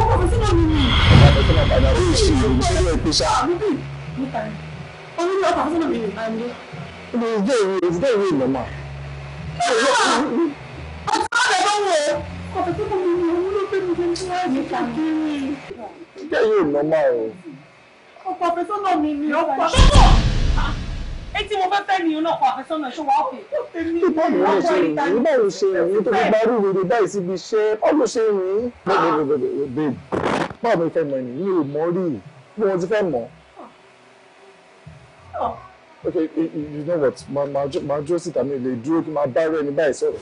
ọkọ̀ fún sílẹ̀ mi nìyí. ọkọ̀ fún sílẹ̀ padà ó sì ń bọ̀ ẹ́ pé sá. Ah, bíbí mi kà ní. omi ní ọkọ̀ fún sílẹ̀ mi nìyí. ìdè ìdè ìwé ìdè ìwé ìlọ mà. ọtí wọn lè bá wọ ọkọ̀ fún sílẹ̀ mi nìyí. omi ló pé mi kò ní wọ́n yìí kàkiri. ìdè ìwé etí mo fẹ́ fẹ́ ni iná ọkọ̀ àfẹ́sọ́nà ṣó wa ọ̀kẹ́. ìbá mi ò ṣe rìn ìbá mi ò ṣe rìn tó fi parí rere báyìí síbi iṣẹ́ ọ̀lù ṣe rìn. babe ah. báwo mi fẹ́ mọ ẹni mi ò mọ rí bí wọ́n ti fẹ́ mọ̀. okay you know what màá jó síta mi lè dúró kí n máa bá rẹ́ni báyìí sọ̀rọ̀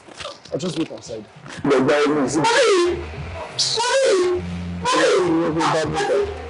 i just wait outside. lọ gba ẹni sí. mọ́mí mọ́mí mọ́mí.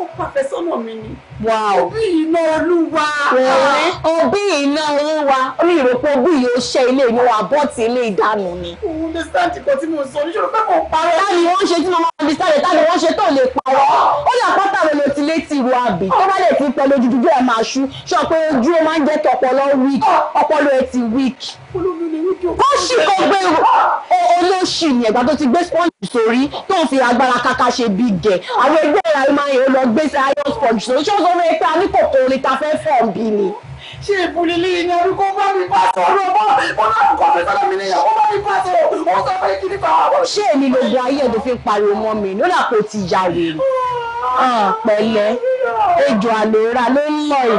ó pàfẹ́sọ́nà mi ni. òbí iná olúwa. Ah. òbí iná olúwa orí ìròpọ̀ òbí yìí ó ṣe ilé ìnáwó àbọ̀tì ilé ìdánù ni. o understand nǹkan tí mo sọ níṣòro pé kò parọ́. táyì wọ́n ṣe tí mo máa understand táyì wọ́n ṣe tó lè parọ́. ó yà pátá rẹ̀ ló ti létí ìrù àbí tó bá lè ti pẹ̀lú ojú dúdú ẹ̀ máa ṣú sọ pé ojú ó máa ń jẹ́ kí ọpọlọ weak ah. ọpọlọ ẹ ti weak ó sì kọ́ gbé olóṣì ní ẹ̀gbà tó ti gbé sponge sórí tó ń fi agbára kaka ṣe bí gẹ̀ àwọn ẹgbẹ́ ìlà máa yẹn lọ gbé sí iron sponge sórí ṣé o sọ fún mi pé a ní kòkó ni ta fẹ́ fọ̀ bí ni. ṣé ìbùlí lè yan arúgbó bá mi bá sọ̀rọ̀ bọ́ mo náà kọ́ mi sọ́dọ̀ mi níyàwó bá mi bá sọ̀rọ̀ ó sọ pé kí ni bá wà. ṣé èmi gbogbo ayé ẹ̀ tó fi ń pariwo mọ́ mi ló dà ti ya wèrè ah. ah, pẹ̀lẹ́ ejò àlòrà ló ń lọ yìí.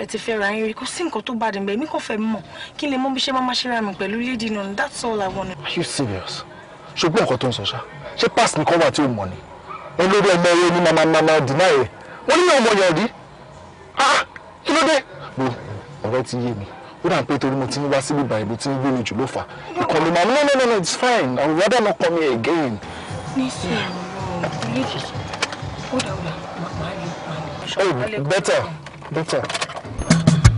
pẹ́ ti fẹ́ ra yín rí kò sí nǹkan tó bá dé mbẹ́ mi kò fẹ́ mọ̀ kí n lè mọ bí ṣe máa ma ṣe ra mi pẹ̀lú lady nù that's all i want. are you serious ṣùgbọ́n nǹkan tó ń sọ ṣá ṣé pass nìkan wà tí o mọ̀ ni olórí ọmọ eré ní mama mama deny ẹ wọ́n ní ọmọ yẹn rí ah kí ló dé. mo ọ̀rẹ́ ti yé mi ó dà pé torí mo ti ń wá síbí báyìí mo ti ń gbé mi jù ló fà ìkọlù màá no no no no it's fine i would rather not come here again. nísìnyí ọ̀rọ̀ lady ó dà ó dà màmá yóò pa ni. Oh, better better.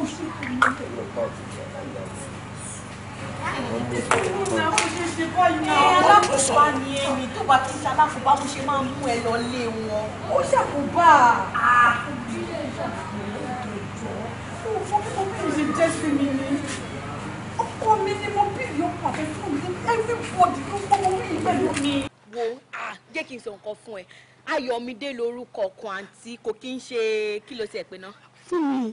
ó sọ wá ní èmi tó bá ti ṣaláfọ̀bá bó ṣe máa ń mú ẹ lọ lé wọn. ó ṣàkóbá ọkọ mi ni mo bí ìyókù àti fún mi everybody ló fọwọ́ mi pẹ̀lú mi. wo ah, jẹ́ kí n sọ nǹkan fún ẹ Ayọ̀mídé lórúkọ kan àǹtí kò kí ń ṣe kí ló ti ẹ̀ pé náà fún mi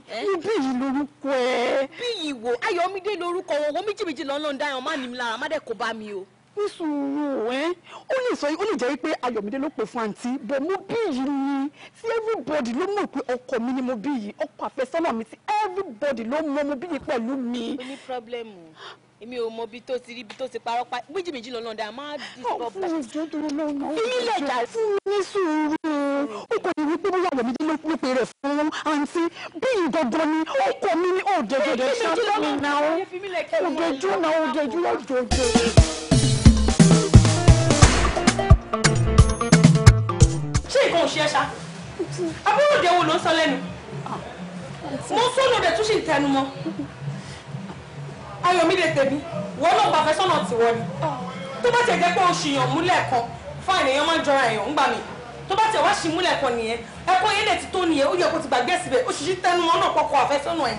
níbí eh? yìí lorúkọ ẹ. bí yìí wo ayọ̀mídé lorúkọ wọn wọn méjìméjì lọ́nà ń dáyàn má nìmi lára má dẹ̀ kó bá mi o. ní sùúrù ẹ ó lè sọ ó lè jẹ́ pé ayọ̀mídé ló pè fún àǹtí bọ̀ mo bí yìí ni tí everybody ló mọ̀ pé ọkọ mi ni mo bí yìí ọkọ àfẹ́sọ́nà mi tí everybody ló mọ̀ mo bí yìí pẹ̀lú mi. ó ní pírọ́blẹ́mù èmi ò mọ ibi tó ti rí ibi tó ti parọ́ pa méjì méjì lọ́nà ọ̀dà máa disturb. fún ìjọ tó lọ́nà ọ̀hún. ilé ìjà fún mi sùúrù o kò ní wípé bóyá àwọn ọmọdé ló pe rẹ̀ fún àǹtí bí ìgangan ni ó kọ mí ní òdòdó ṣáàtì náà òdòdó náà òdòdó òdòdó. ṣé nǹkan ò ṣe ẹ ṣá abúlé òde wo ló ń sọ lẹ́nu ah, mo sọ́nù rẹ̀ tún ṣì ayọ̀mídé tèmi wọ́n náà gbàfẹ́ sọ́nà tiwọ́ ni tó bá tiẹ̀ jẹ́ pé oṣù yàn múlẹ̀ kan fáìn èèyàn máa ń jọra èèyàn ń gbà mí tó bá tiẹ̀ wá sí múlẹ̀ kan nìyẹn ẹ̀kọ́ yẹn lè ti tó nìyẹn ó yẹ kó ti gbàgbé síbẹ̀ ó ṣiṣẹ́ tẹnu mọ́ náà pọ̀kọ àfẹ́sọ́nà ẹ̀.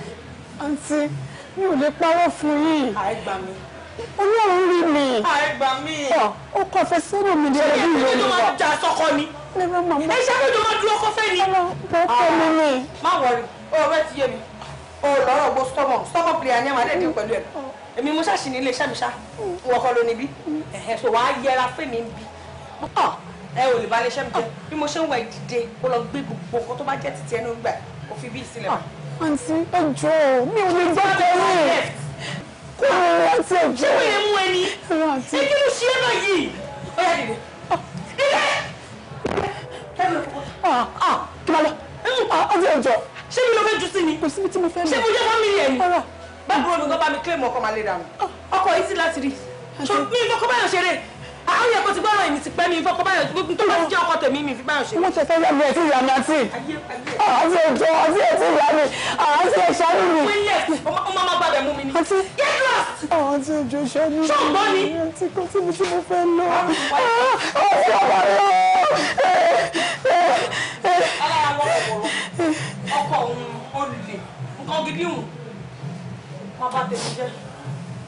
àǹtí mi ò lè parọ́ fún yín. àìgbà mi. Ọlọ́run rí mi. àìgbà mi. ó kọ fẹ́ sọ́nà mi lé ẹbí rẹ̀ nígbà. ẹ ṣe é kí o lọ́rọ̀ gbó stubborn stubborn player ni ẹ̀ máa dẹ̀ dín pẹ̀lú ẹ̀ èmi mo ṣàṣì ní ilé iṣẹ́ mi ṣá wọ́n kọ́ ló níbí ẹ̀hẹ́ so wàá yẹra fẹ́mi ń bi ẹ ò lè ba iléeṣẹ́ mi jẹ bí mo ṣe ń wà ìdìde kó lọ gbé gbogbo nǹkan tó bá jẹ́ títí ẹnu gbà kó fi bíi sílẹ̀. àǹtí ẹjọ́ mi ò lè gbọ́ tẹ́lẹ̀ kó lọ rántí ẹjọ́. kí wọ́n yẹ mú ẹni ẹ kí ló mo fẹ́ lọ. ṣé mo jẹ́ wọ́n mi yẹ̀ ni báàbúrò mi gan bá mi claim ọkọ máa lè dànù ah. ọkọ yìí sí láti rí mi fọkọ báyọ̀ ṣeré àwọn yẹn kò ti gbọ́ràn èmi ti pẹ́ mi fọkọ báyọ̀ tó bá ti jẹ́ ọkọ tèmi mi fi báyọ̀ ṣeré. wọ́n ti fẹ́ yàmí ẹ̀sìn ìyá mi àti ah, àti ẹ̀jọ́ àti ẹ̀sìn ìyá mi ah, àti ẹ̀ṣá mi mi. ọmọ ọmọ gbàgbẹ́ mú mi ni. àti àti ẹ̀jọ́ ìṣẹ́ mi. ṣọ́ọ̀gbọ́n ni. àti kò síbi tí mo fẹ́ lọ. ọ̀sẹ̀ nǹkan gidi hùn má bá tèmi jẹ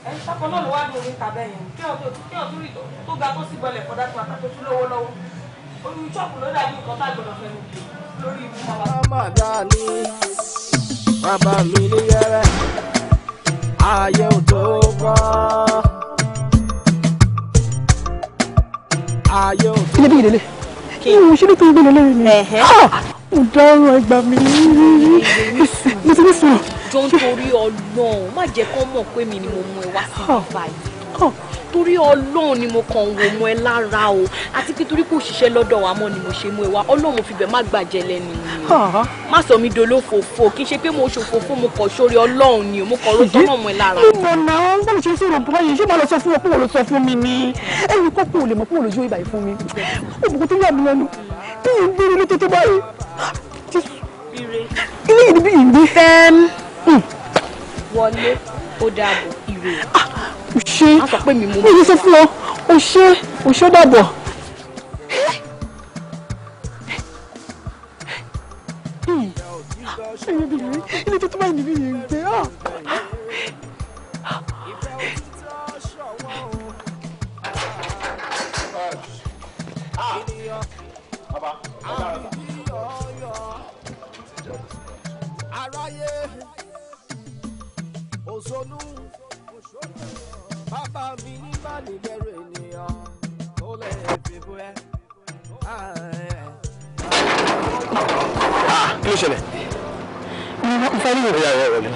ẹ ṣàkọ náà ló wá ní orin yẹn kí ọ̀ tó rí tó ga tó sì bọlẹ̀ fọ́dá tó àtàkùn tó lówó lọ́wọ́ orí ṣọ́ọ̀kù ló dàbí nǹkan tá a fẹ́ lórí ibi bàbá. bàbá dání bàbá mi ní yẹrẹ ayé ò tó bọ́. níbi ìdílé kí ni mo ṣe ní tó ń gbé lọ lórí mi mo dárò ẹgbà mi mo ti ní sùn. jọ ń torí ọlọ́run má jẹ́ kán mọ̀ pé mi ni mo mú ẹ wá sí ìgbà yìí torí ọlọ́run ni mo kàn wò mọ́ ẹ lára o àti pé torí kò ṣiṣẹ́ lọ́dọ̀ wa mọ́ ni mo ṣe mú ẹ wá ọlọ́run mo fi bẹ̀ má gbàjẹ́ lẹ́nu mi má sọ mi dolófòfò kì í ṣe pé mo ṣòfòfò mo kọ̀ sórí ọlọ́run ni o mo kọ̀ ro tọ́nà mọ́ ẹ lára. mo mọ̀ náà ń bọ̀ ṣe sọ̀rọ̀ bọ́ ṣé mo lọ sọ fún ọ pé mo lọ sọ fún mi ni ẹni kó kó lè mọ̀ pé mo lọ yọ ibà yìí fún mi òbùkún tó yà mí lẹ́nu bí ire. ilé yìí bí ìbí. fẹ́ẹ́m. Hmm? wọlé ó dàbọ̀ ire. Ah, o ṣe a sọ pé mi mú. mi yìí sọ fún ọ o ṣe o ṣe ó dàbọ̀. ilé bí ìbí ilé tó tó báyìí níbí yìí ń gbé. Baba, ọ̀daràn. Ah. òṣòlù bàbá mi ní bàdìgẹrù ènìyàn tó lè fi bú ẹ. Ah, kí ló ṣẹlẹ̀. mo fẹ́ ìwé ayọ̀ wọlé.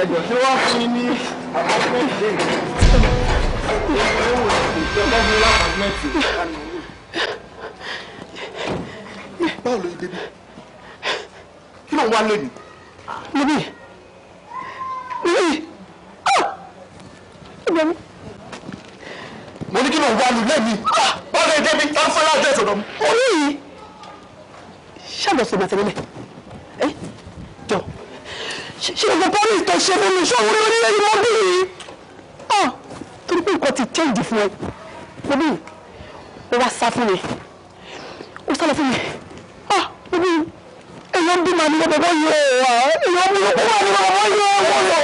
ẹ̀jọ̀ tí wọ́n fún mi ní àpọ́tmẹ́ǹtì ìjọba báwo ló ń débi kí ló ń wá lónìí. níbí mo ní kí ló ń wá lulẹ̀ mi. bọ́lá èdè mi tá ń fẹ́ láti ẹ̀sọ̀ dọ̀mú. orí yìí ṣàbẹ̀ ṣe màtí nílẹ̀ jọ ṣe ìgbà paris tó ṣe fún mi ṣọ́wọ́n ní orílẹ̀ yìí mọ́ bí yìí. Ah, torí pé nǹkan ti change fún ẹ mo bí o wá sá fún mi o sá lọ fún mi màmí ló bọ̀bọ̀ yìí o wa èyí ọmọ yòókù wà ní bọ̀bọ̀ yìí o wọ́n lọ.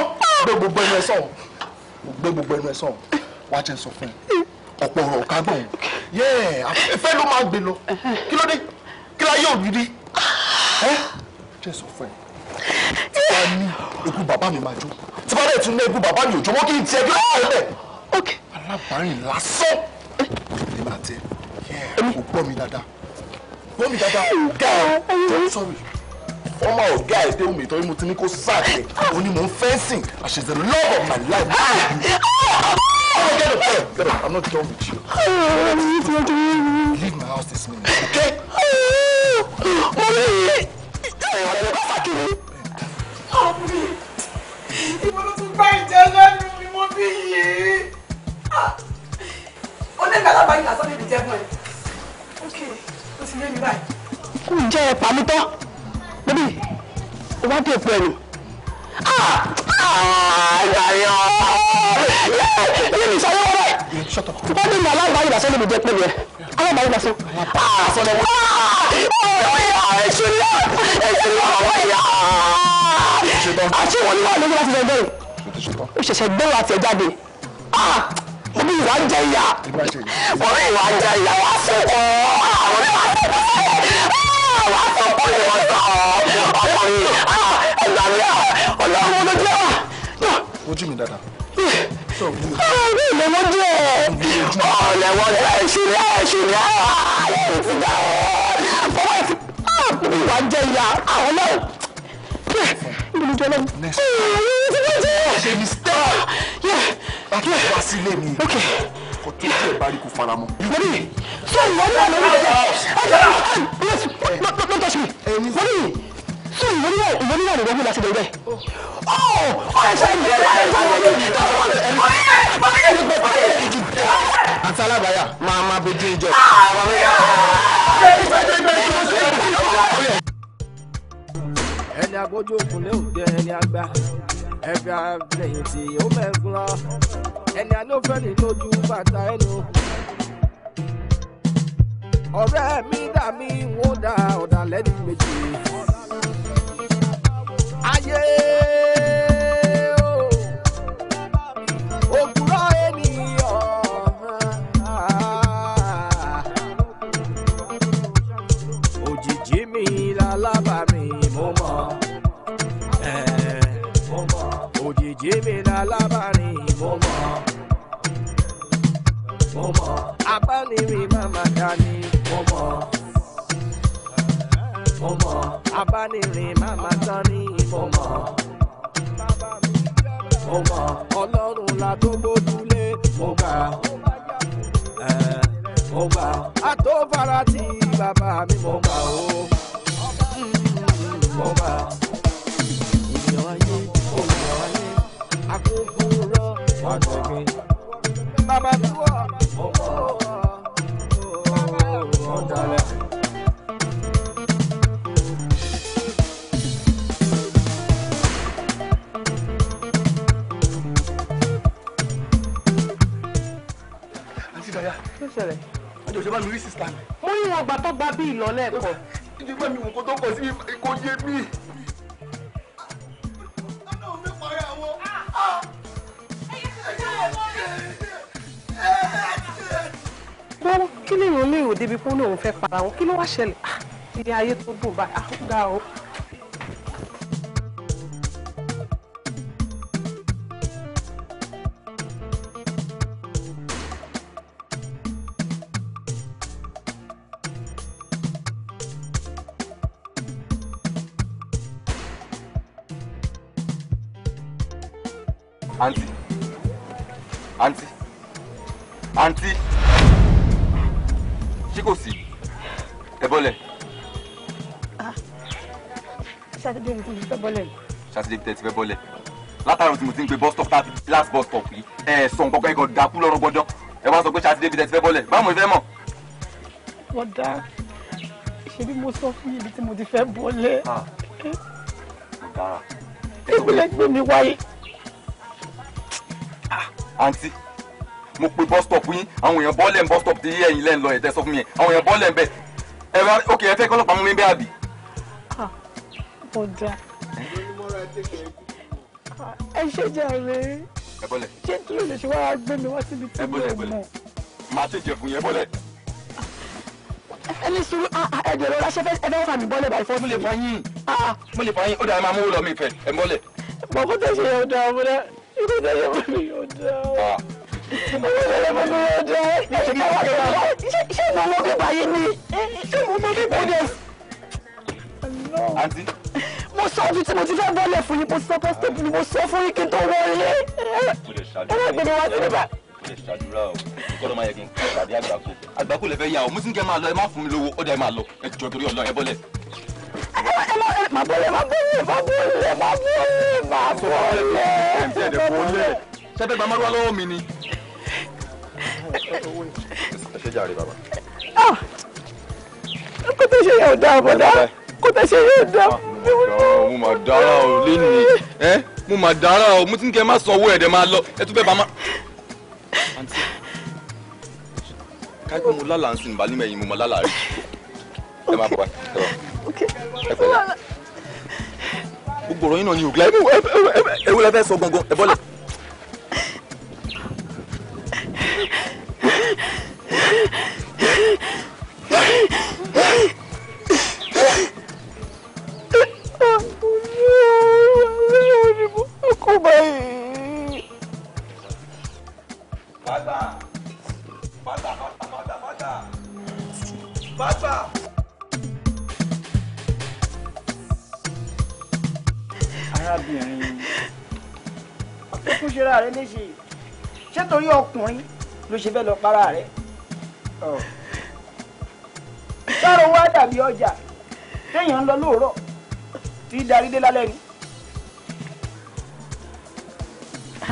gbé gbogbo ẹnu ẹ sọ̀rọ̀ gbé gbogbo ẹnu ẹ sọ̀rọ̀ wá jẹ́ sọ fún ẹ ọ̀pọ̀ ọ̀rọ̀ ọ̀ká gbọ̀n yẹ́ afẹ́fẹ́ ló máa ń gbé lọ kí ló dé kí láyé òdìdí ẹ jẹ́ sọ fún ẹ tí bá ní ikú bàbá mi máa jó tí bá dẹ̀ tún ní ikú bàbá mi ò jó wọ́n kí n tiẹ̀ kí ló wà lẹ̀ alábàárìn lásán ní màá tẹ ẹ kò gbọ́ mi dáadáa gbọ́ mi dáadáa sọ́rí come out guy stay with me mo ti ní kó sáàkì o ní mò ń fẹ́ǹsìn and love of my life. Oh, get up, get up, get up. I'm not done with you. Ah, leave my house this minute, okay? Ah, mommy! Mommy! Ìwọ ló tún bá ìjà lẹ́nu mi mọ́ bí yìí. Ó lé mi alábàáyé lásán níbi jẹ́ fún ẹ. Ó kéré, ti lé mi báyìí. Kú jẹ́ ẹ̀pà mi bébí o ah, ah, bá tẹ̀ pẹ̀lú. ayọ̀ ilé mi sọ̀rọ̀ rẹ̀ wọ́n ní alábàáyé ìdásọ́ lè mi jẹ́ pẹ̀lú ẹ̀ alábàáyé ìdásọ́. àfọlẹ́ wọn. ẹ̀sùn náà ẹ̀sùn náà wọ́n yà á. àti ìwọ ni wọn lè wọ́n láti fẹ́ bẹ́ẹ̀ o ṣẹ̀ṣẹ̀ gbé wa tẹ̀ jáde ah, omi ìwà ń jẹ ìyá omi ìwà ń jẹ ìyá wá fún ọ àwọn ìwà ń jẹ ìyá ọkùnrin ẹgbàmíà ọlọ́run olójú à. ojú mi dada. ọ̀rẹ́ mi lọ́wọ́ jẹ́ ọ̀rẹ́ wọn jẹ́ ẹ̀ṣinlẹ̀ ẹ̀ṣinlẹ̀ ààrẹ ti dà ọ́ fọwọ́ ẹ̀sìn ìwà jẹ́ ìyá àwọn náà. olùjọ náà. ọ̀rẹ́ mi ti wá jẹ́. ṣe mi stẹ́ẹ̀. láti wá sílé mi nǹkan tó díẹ̀ bá rí kó fara mọ́. wọ́n yìí ṣé ìwọ ní ọ̀nà ìwé ẹ̀ don't touch me wọ́n yìí ṣé ìwọ ní ìwọ ní ọ̀nà ìwé láti lè rẹ̀. ó ó ẹ̀ṣẹ̀ ìdílé láti bá wọlé àti alábàáyà máa máa bójú ìjọ. ẹni agbójú òkun lé òde ẹni àgbà ẹbí àfẹ̀yìntì ó mẹ́gun lọ ẹni àlófẹ́ni lójú bàtà ẹnu. ọ̀rẹ́ mi dà mí wọ́n dà ọ̀dà lẹ́nu méjì. ayé. jèmi lálábàárín mo mọ̀ mo mọ̀ abánirì màmá dání mo mọ̀ mo mọ̀ abánirì màmá dání mo mọ̀ mo mọ̀ ọlọ́run la tó gbójúlé mo gbà mo gbà àtòfarati bàbá mi mo gbà o hmm, mo gbà. àtẹ̀gbẹ́. bàbá tí wọ́n ò dalẹ̀. àǹtí dàyà. kí ló ṣẹlẹ̀. ọjọ́ ìjọba mi rí sísá mi. mo gba bí ìlọ lẹ́ẹ̀kan. ìjọba mi wò kó tó kọ sí ikọ̀ yé wọ́n kí lèèyàn léèyàn débi pọ́n òun fẹ́ para wọn kí ló wá ṣẹlẹ̀ ah, ilé ayé tó bò bá àgbà o. àǹtí àǹtí àǹtí débi tẹ́ ti fẹ́ bọ́lẹ̀ látàrí tí mo ti ń pe bus stop láti last bus stop yìí ẹ sọ nǹkan kan ẹ kò dákú lọ́rọ́ gbọ́dọ̀ ẹ wá sọ pé ṣáà ti débi tẹ́ ti fẹ́ bọ́lẹ̀ báwo ni fẹ́ mọ̀. wọ́n dá ṣebí mo sọ fún ibi tí mo ti fẹ́ bọ́lẹ̀ ìpínlẹ̀ ah. gbé mi wáyé. Ah, àǹtí mo pe bus stop yín àwọn èèyàn bọ́ọ̀lẹ̀ ń bus stop ti yé ẹ̀yìn lẹ́nu lọ ẹ̀tẹ́ sọ fún mi àwọn èèyàn bọ́ọ̀lẹ̀ ń bẹ̀ ẹ̀ ok ẹ fẹ́ kọ́lọ́pàá mú mi bẹ́ẹ̀ àbí. Ah, ọ̀dà ẹ ṣe jàre ṣé nítorí olè ṣe wáá gbé mi wá síbi tí mi ò mọ̀. má ṣe jẹ fún yẹn bọ́lẹ̀. ẹni sùúrù ẹ̀jẹ̀ rẹ̀ ṣe fẹ́ fẹ́ fà mí bọ́lẹ̀ báyìí fọ́ọ̀tì. mo lè fọ yín mo lè fọ yín ó dáa máa mú lọ mi fẹ ẹ bọ́lẹ̀. bọ̀kú tẹ̀ ṣe yọ̀ọ̀dà ọ̀bùdá ikú tẹ̀ ṣe fún mi yọ̀ọ̀dà ọ̀bùdá. owó tẹ̀ ṣe fún mi yọ̀ọ̀dà ọ̀bùdá. ṣé mo mọ bíbá yín ni ṣé mo mọ bíbá yín ni mo sọ ojú tí mo ti fẹ́ bọ́lẹ̀ fún yín mo sọ pọ́sítẹ́ẹ̀tì ni mo sọ fún yín kí n tó wọlé ẹ̀rọ ìgbẹ́ni wá sí nígbà. lè fẹ́ yà o mo sì ń kẹ́ máa lọ ẹ má fún mi lówó ó dẹ̀ máa lọ ẹ jọ torí ọlọ ẹ bọ́lẹ̀. má bọ́lẹ̀ má bọ́lẹ̀ má bọ́lẹ̀ má bọ́lẹ̀ má bọ́lẹ̀. sẹ́fẹ̀ gba márùwá lọ́wọ́ mi ni. ẹ ṣe jàre bàbá. Ah! kó tẹ ṣe yóò dá àbọ̀dá kó tẹ ṣe yóò dá gan mo mà dára o lénìí ẹ mo mà dára o mo ti ní kẹ́ ẹ má sanwó ẹ̀dẹ̀ máa lọ ẹ tún fẹ́ bá má. àǹtí káyọ̀ mo lálàá ń sùn ìbálẹ̀ mẹ́yìn mo mà lálàá rí ẹ má bọ̀ ẹ pẹ̀lẹ́ gbogbo ọ̀rọ̀ yín náà ni ògùlà ewu lẹ fẹ́ sọ gangan ẹ bọ́lẹ̀. Hey! ló ṣe fẹ́ lọ para rẹ̀ sọ̀rọ̀ wá dàbí ọjà téèyàn ń lọ lóòrọ̀ tí í darí dé lálẹ́ ni.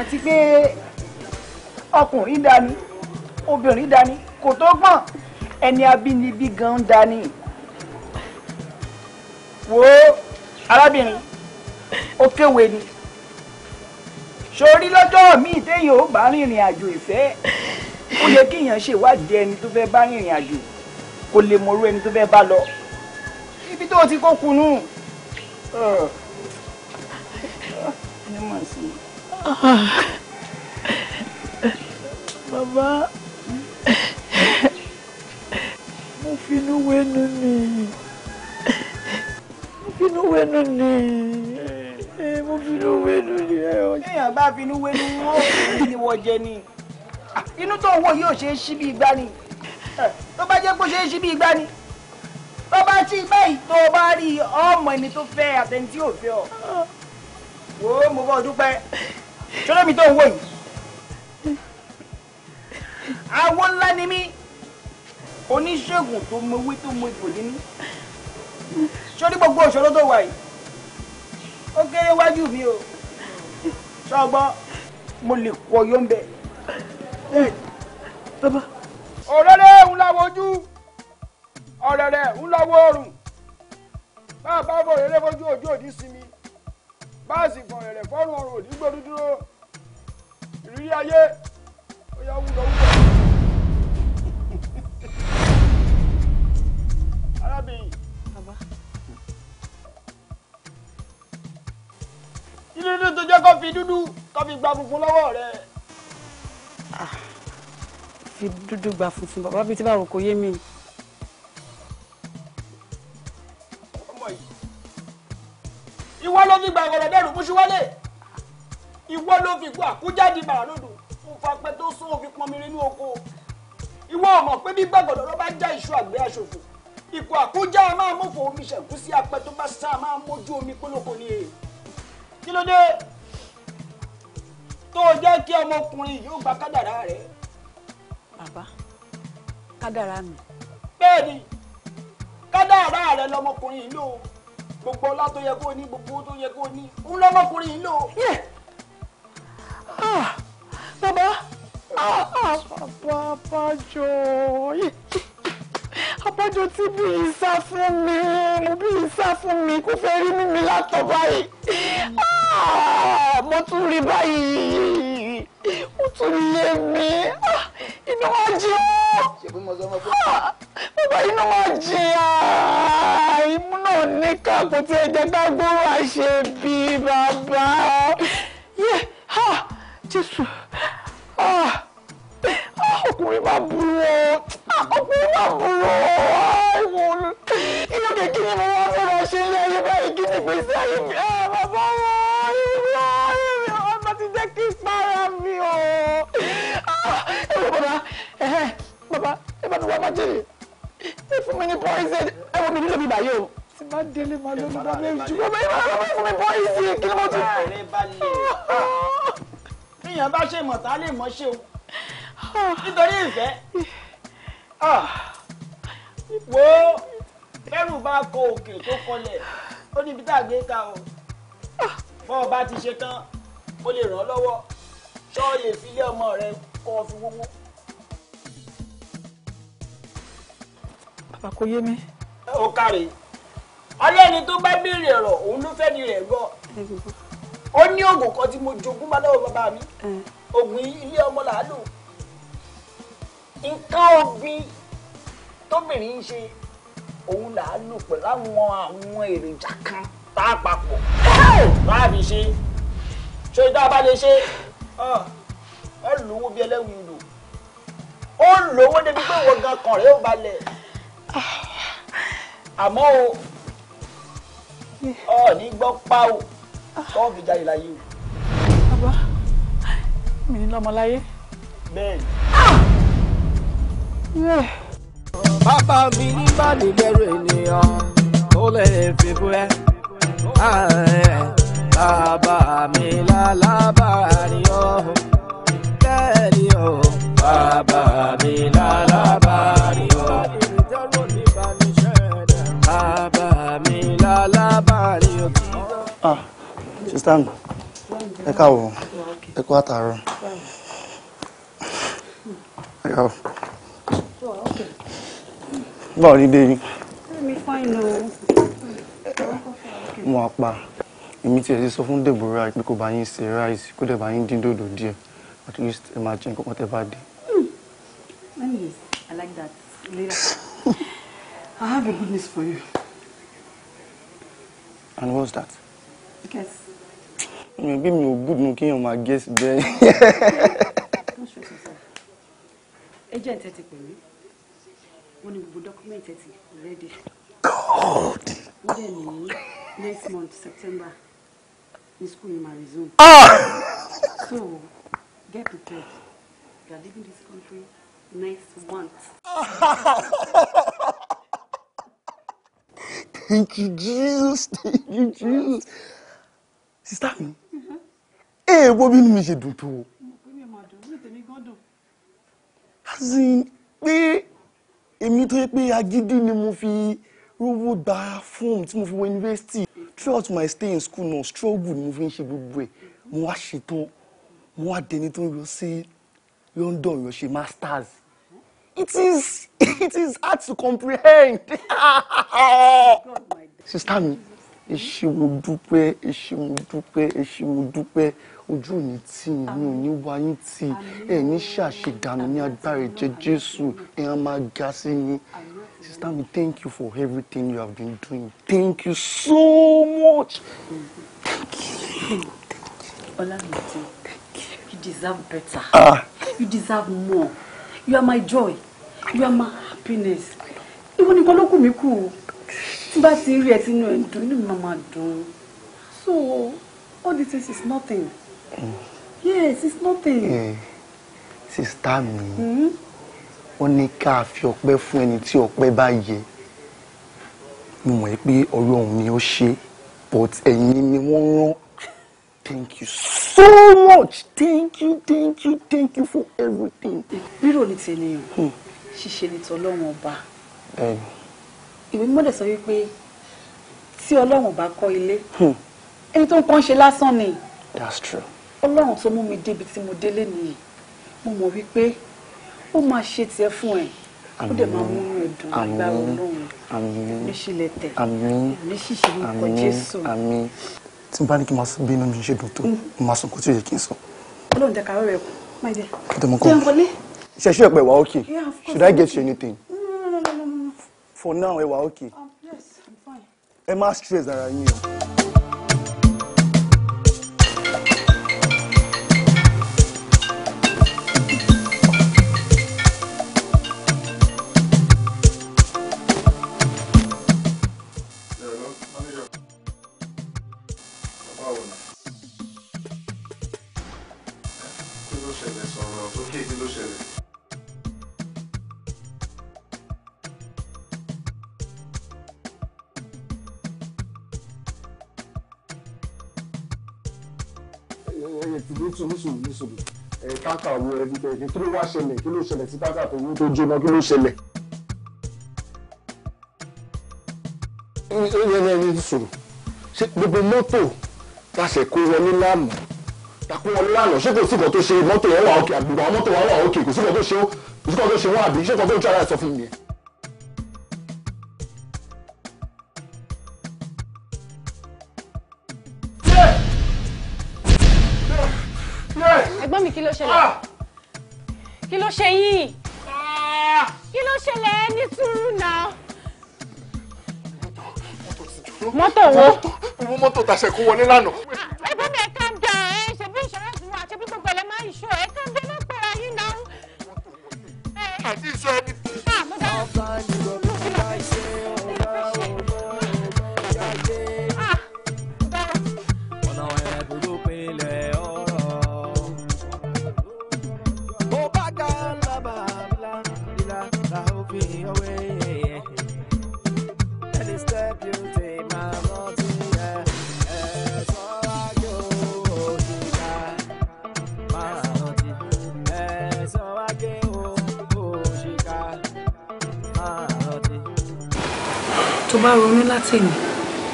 àti pé ọkùnrin dání obìnrin dání kò tó gbọ̀n ẹni abínibí gan dání. wo arábìnrin ó kéwèé ni sórí lọ́jọ́ míì téèyàn ó bá rìnrìn àjò ìfẹ́ ó yẹ kéèyàn ṣèwádìí ẹni tó fẹ́ bá rìnrìn àjò kò lè mọ̀rú ẹni tó fẹ́ bá lọ ibi tó ti kó kunú ẹ mọ̀ sí mo finú wẹnu ni mo finú wẹnu ni mo finú wenu ni ẹ ọ. kéèyàn wenu finú wẹnu wọn ò ní wọ jẹ ni inú tó ń wọ yóò ṣe é ṣí bí igbá ni tó bá tó bá tí báyìí tó bá rí ọmọ ẹni tó fẹ́ àtẹni tí ò fẹ́ ọ wò ó mo bọ́ dúpẹ́ ṣọlẹ́ mi tó ń wò yìí awo ńlá ni mí oníṣègùn tó mọ ewé tó mọ egbò nínú sórí gbogbo òṣòro tó wà yìí ó kéré wájú mi o sọgbọ́ mo lè kọ yóò ń bẹ. bàbá. òróró ehun la ọ̀rẹ̀rẹ̀ ń lọ́wọ́ oòrùn bá a bá bọ̀ rere fojú ojú òdì sinmi bá a sì gbọ̀n rẹ̀ fọ́rùn ọ̀rùn òdì gbòdú dúró ìrírí ayé ó yá wúlọ wúlọ. arábìnrin. bàbá. ilé dúdú tó jẹ́ kó fi dúdú kó fi gba funfun lọ́wọ́ rẹ̀. Ah, fi dúdú gba funfun bàbá bíi tí báwo kò yé mi. ìwọ ló fi gbà ọ̀rọ̀ dẹ́rù fún ṣíwálé ìwọ ló fi gbọ́ àkújáde bàrà lódò fún fapẹ́ tó sún òfin pọnmi nínú oko ìwọ ọmọ pé bí gbàgbọ́dọ̀ lọ bá já iṣu àgbẹ̀ aṣòfò ikú àkújá a máa mú fún omi ṣẹ̀kú sí apẹ tó bá sá a máa mójú omi pólókò ní èrè kí ló dé tó jẹ́ kí ọmọkùnrin yìí ó gba kádàrá rẹ̀. bàbá kádàrá mi. bẹ́ẹ̀ ni kádàrá rẹ̀ lọmọkùnrin yìí lò ó gbogbo ọlá tó yẹ kó o ní gbogbo tó yẹ kó o ní òun lọ́mọkùnrin yìí lò. Ah! bàbá ah! ah! àbájọ àbájọ tí bí yìí sá fún mi mo bí yìí sá fún mi kó fẹ́ rí mímí látọ̀ báyìí mo tún rí báyìí ó tún lé mi inú wa jẹ́ ṣèbí mo sọ ọmọ fún mi. bàbá inú wọn jìyà ah, imú náà ní káàkó tí ẹ jẹ gbàgbóró àṣẹ bí bàbá yẹ ha jésù ọkùnrin máa burú o ọkùnrin máa burú o inú kékeré ni mo wá fẹ́ lọ ṣe ilé ayé báyìí kí ni gbèsè ayé mi eh, bàbá wọn ìwọ ọmọ ti jẹ́ kí n para mi o. Ah, ẹ wọ́n bọ́dá bá ti wá máa jẹ́ yìí ẹ fún mi ní poison ẹ wọ́n mi nílò mi báyìí o ti bá délé máa lórí bá mi jù bọ́ báyìí máa lọ́wọ́ fún mi poison kí ló mọ̀ tó. ìyàn bá ṣe mọ̀ tá a lè mọ̀ ṣe o nítorí ìfẹ́ ah. wo bẹ́rù bá kọ òkè tó kọlẹ̀ ó níbi tá a gbé ká o bọ́ ọ bá ti ṣe tán ó lè ràn ọ́ lọ́wọ́ ṣọ́ọ́ lè fi ilé ọmọ rẹ kọ́ ọ fi wọ́wọ́. bàbá kò yé mi. ó kàrí ọlẹ́ni tó bá béèrè ọ̀rọ̀ òun ló fẹ́ di rẹ̀ gbọ́ ó ní oògùn kan tí mo jogún bá lọ́wọ́ bàbá mi oògùn ilé ọmọ làálù nǹkan ọ̀gbìn tóbìnrin ń ṣe òun làálù pẹ̀lú àwọn àwọn èròjà kan tá a papọ̀ láàbì ṣe ṣé tá a bá lè ṣe ọ lówó bí ẹlẹ́wìn lò ó lówó débi pé ìwọ gan kan rẹ̀ ó balẹ̀ àmọ́ o ọ̀ọ́ni gbọ́ pa o tọ́ fi jáde láyé o. bàbá mi ní lọ́mọláyé. bẹ́ẹ̀ni. bàbá mi ní bàdé lẹ́rù ènìyàn tó lè fi bú ẹ. bàbá mi lálábàárí o bẹ́ẹ̀ ni o bàbá mi lálábàárí. ah sista mi ẹ káàbọ̀ ẹ kú àtàárọ̀ ẹ káàbọ̀ báwo ni dé yín. mo àpà èmi tiẹ̀ ti sọ fún Deborah pé kó bá yín ṣe ráìsì kó dẹ̀ bá yín dín dòdò díẹ̀ at least ẹ máa jẹ nǹkan kan tẹ́ bá dé. I like that. I have a good news for you. And what's that? Guess. maybe bí mi good looking kéèyàn my guess bẹ́ẹ̀. Don't stress yourself. Agent ẹ ti pè mí. document it ready. God! Then next month September ní school yìí resume. Ah! So get prepared. You are leaving this country next month. Thank you, Jesus. Thank you, Jesus sista mi ee eh, wo bí inú mi ṣe dùn tó o azin pé to tó yẹ pé agídí ni mo fi rówó gba fóònù tí mo fi wọ yunifásitì throughout my stay in school náà struggle ni mo fi ń ṣe gbogbo ẹ̀ mo wá ṣetán mo wá dẹni tó ń yọ sí London yọ ṣe masters it is it is hard to comprehend. sista mi ẹ ṣé dúpẹ́ ẹ ṣé dúpẹ́ ẹ ṣé dúpẹ́ ojú òní tì yín ní òní wáyé tì ẹ ní ṣàṣedànù ní agbára ẹ̀jẹ̀ Jésù ẹ á máa ga sí yín sister mi thank you for everything you have been doing thank you so much. you. Olamide you deserve better ah. you deserve more you are my joy you are my happiness ìwọ nìkan ló kù mí kù tí bá ti rí ẹ tí inú ẹ ń dùn inú mi máa dùn so all this things is nothing mm. yes it's nothing. Yeah. sista mi hmm? ó ní ká fi ọpẹ́ fún ẹni tí ọpẹ́ bá yẹ mo mọ̀ pé ọlọ́run mi ó ṣe but ẹ̀yin ni wọ́n rán thank you so much thank you thank you thank you for everything. rírò ní tẹ̀lé o hmm. ṣíṣe ní tọ́lọ́run ọba. bẹ́ẹ̀ni ìwé mímọ́ dẹ̀ sọ wípé tí ọlọ́run bá kọ́ ilé hmm. ẹni tó ń kọ́ ń ṣe lásán ni that's true ọlọ́run tó mú mi débi tí mo délé nìyí mo mọ̀ wípé ó máa ṣe tiẹ̀ fún ẹ ó dẹ̀ máa mú mi dùn agbára ọlọ́run ní ṣílẹ̀ tẹ̀ ní ṣíṣe orúkọ jésù. tí n bá ní kí n máa bínú mi ṣe dùn tó n hmm. máa sọ kó tí ò yẹ kí n sọ. ọlọ́run jẹ́ ká rẹ̀ kú máa jẹ́ jẹ́ ń ṣe ṣe ọ̀pẹ̀ wá should I get you anything for now ẹ wà okay. Oh, ẹ má stress ara I o. mùsùn mùsùn mùsùn káàkà wo everybody kí ló wá ṣẹlẹ̀ kí ló ṣẹlẹ̀ sí káàkà tó wú tó jóná kí ló ṣẹlẹ̀. ó yẹ lẹ́yìn sùn ṣé gbogbo mọ́tò tàṣẹ kó wọlé láàmú takó wọlé lánàá ṣé kò síkọ̀ tó ṣe mọ́tò yẹn wà òkè àgbègbè àwọn mọ́tò wà wà òkè kò síkọ̀ tó ṣe ó kò síkọ̀ tó ṣe wọ́n àbí ṣé kò tó ń tí ara ẹ̀ sọ fún mi yẹn. mọ́tò wọn. mọ́tò tàṣẹ kó wọlé lánàá. tèmi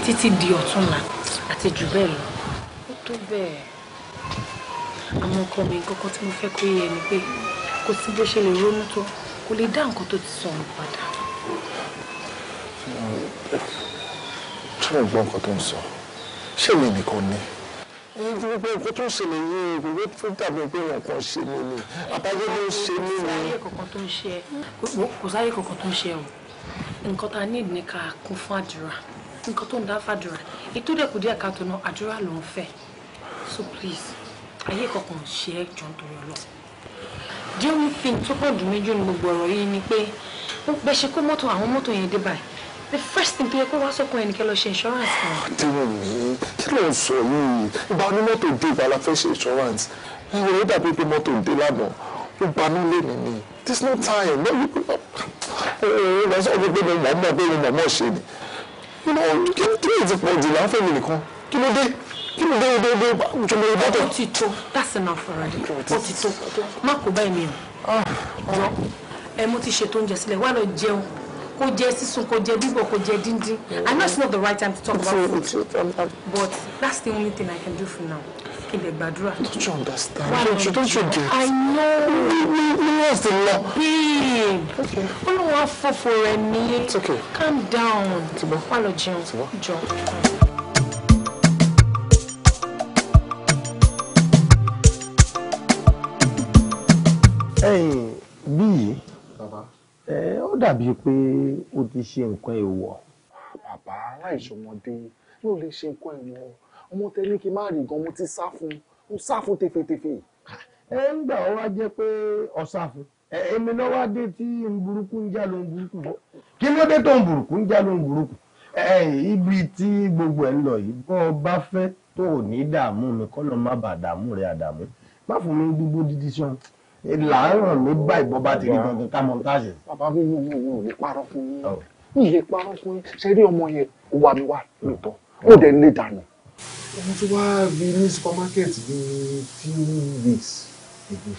títí di ọ̀túnla àti jù bẹ́ẹ̀ lọ ó tó bẹ́ẹ̀ àmọ́ ọkọ mi kọ́kọ́ tí mo fẹ́ kó yé ẹni pé kò sí bó ṣe lè ronú tó kò lè dá nǹkan tó ti sọnù padà. tí mo gbọ́ nǹkan tó ń sọ ṣé mi nìkan ni gbogbo nǹkan tó ń ṣẹlẹ̀ yìí gbogbo tó dàbí pé nǹkan ṣe mí ni àbájọ ló ṣe mí ni. kò sáyé kankan tó ń ṣe o nǹkan tá a ní ní ká kún fún àdúrà nǹkan tó ń dá fàdúrà ètò dẹ̀ kù díẹ̀ ká tó ná àdúrà ló ń fẹ́ so please ayé kankan ṣe é jọ nítorí ọlọ́run the only thing tó pọ̀ dùn méjì ní gbogbo ọ̀rọ̀ yìí ni pé ó gbẹ ṣe kó mọ́tò àwọn mọ́tò yẹn dé báyìí the first thing tó yẹ kó wá sọ́kàn ẹnìkan lọ ṣe insurance kan. àti wọn yìí kí ló ń sọ yìí ìgbà onímọ́tò dé ìgbà la fẹ́ ṣe insurance ìwé ó dàbí pé mọ́tò dé lánàá ó banú lé nìyí this no time no you òun lọ sọ pé mo mọ̀ mọ̀ pé mo mọ̀ mọ̀ ṣe ni kí ló dé ti pọ̀ jù láǹfẹ̀ mi nìkan kí ló dé kí ló dé dé dé kí ló dé bọ́tọ̀. ó ti tó that's enough already ó ti tó má kó bá èmi o jọ ẹ mo ti ṣètò oúnjẹ sílẹ̀ wá lọ jẹun kó jẹ sísun kó jẹ bíbọ̀ kó jẹ díndín i know it's not the right time to talk about food but that's the only thing i can do for now kí gbàdúrà. don't you understand Why don't you don't you get. i know. we we lost the law. babe olùwà fọfọ rẹ ní. okay calm down wà lọ jẹun jọ. dàbíi pé ó ti ṣe nǹkan èèwọ̀. bàbá aláìṣọmọdé yóò lè ṣe nǹkan èèwọ̀ ọmọ tẹ́lẹ̀ kí n má rí gan mo ti sá fún mo sá fún tefetefe. ẹ ń gbà ọ wá jẹ́ pé ọ sá fún èmi náà wá dé tí ń burúkú ń já ló ń burúkú bọ kí ló dé tó ń burúkú ń já ló ń burúkú ibi tí gbogbo ẹ ń lọ yìí bọ́ ọ bá fẹ́ tó ní dààmú mi kọ́ ló má bàa dààmú rẹ àdààmú má fún mi gbogbo dídí sọ́n làárọ̀ ló bá ìbọn bá ti rí gangan ká mọ́ntáàjì. bàbá mi mi mi ò lè parọ́ fún yín mi ò lè parọ́ fún yín ṣe rí ọmọ yẹn ó wà mí wá lóòótọ́ ó dẹ̀ lè dànù. ohun tó wá rí ní supermarket ní few weeks ago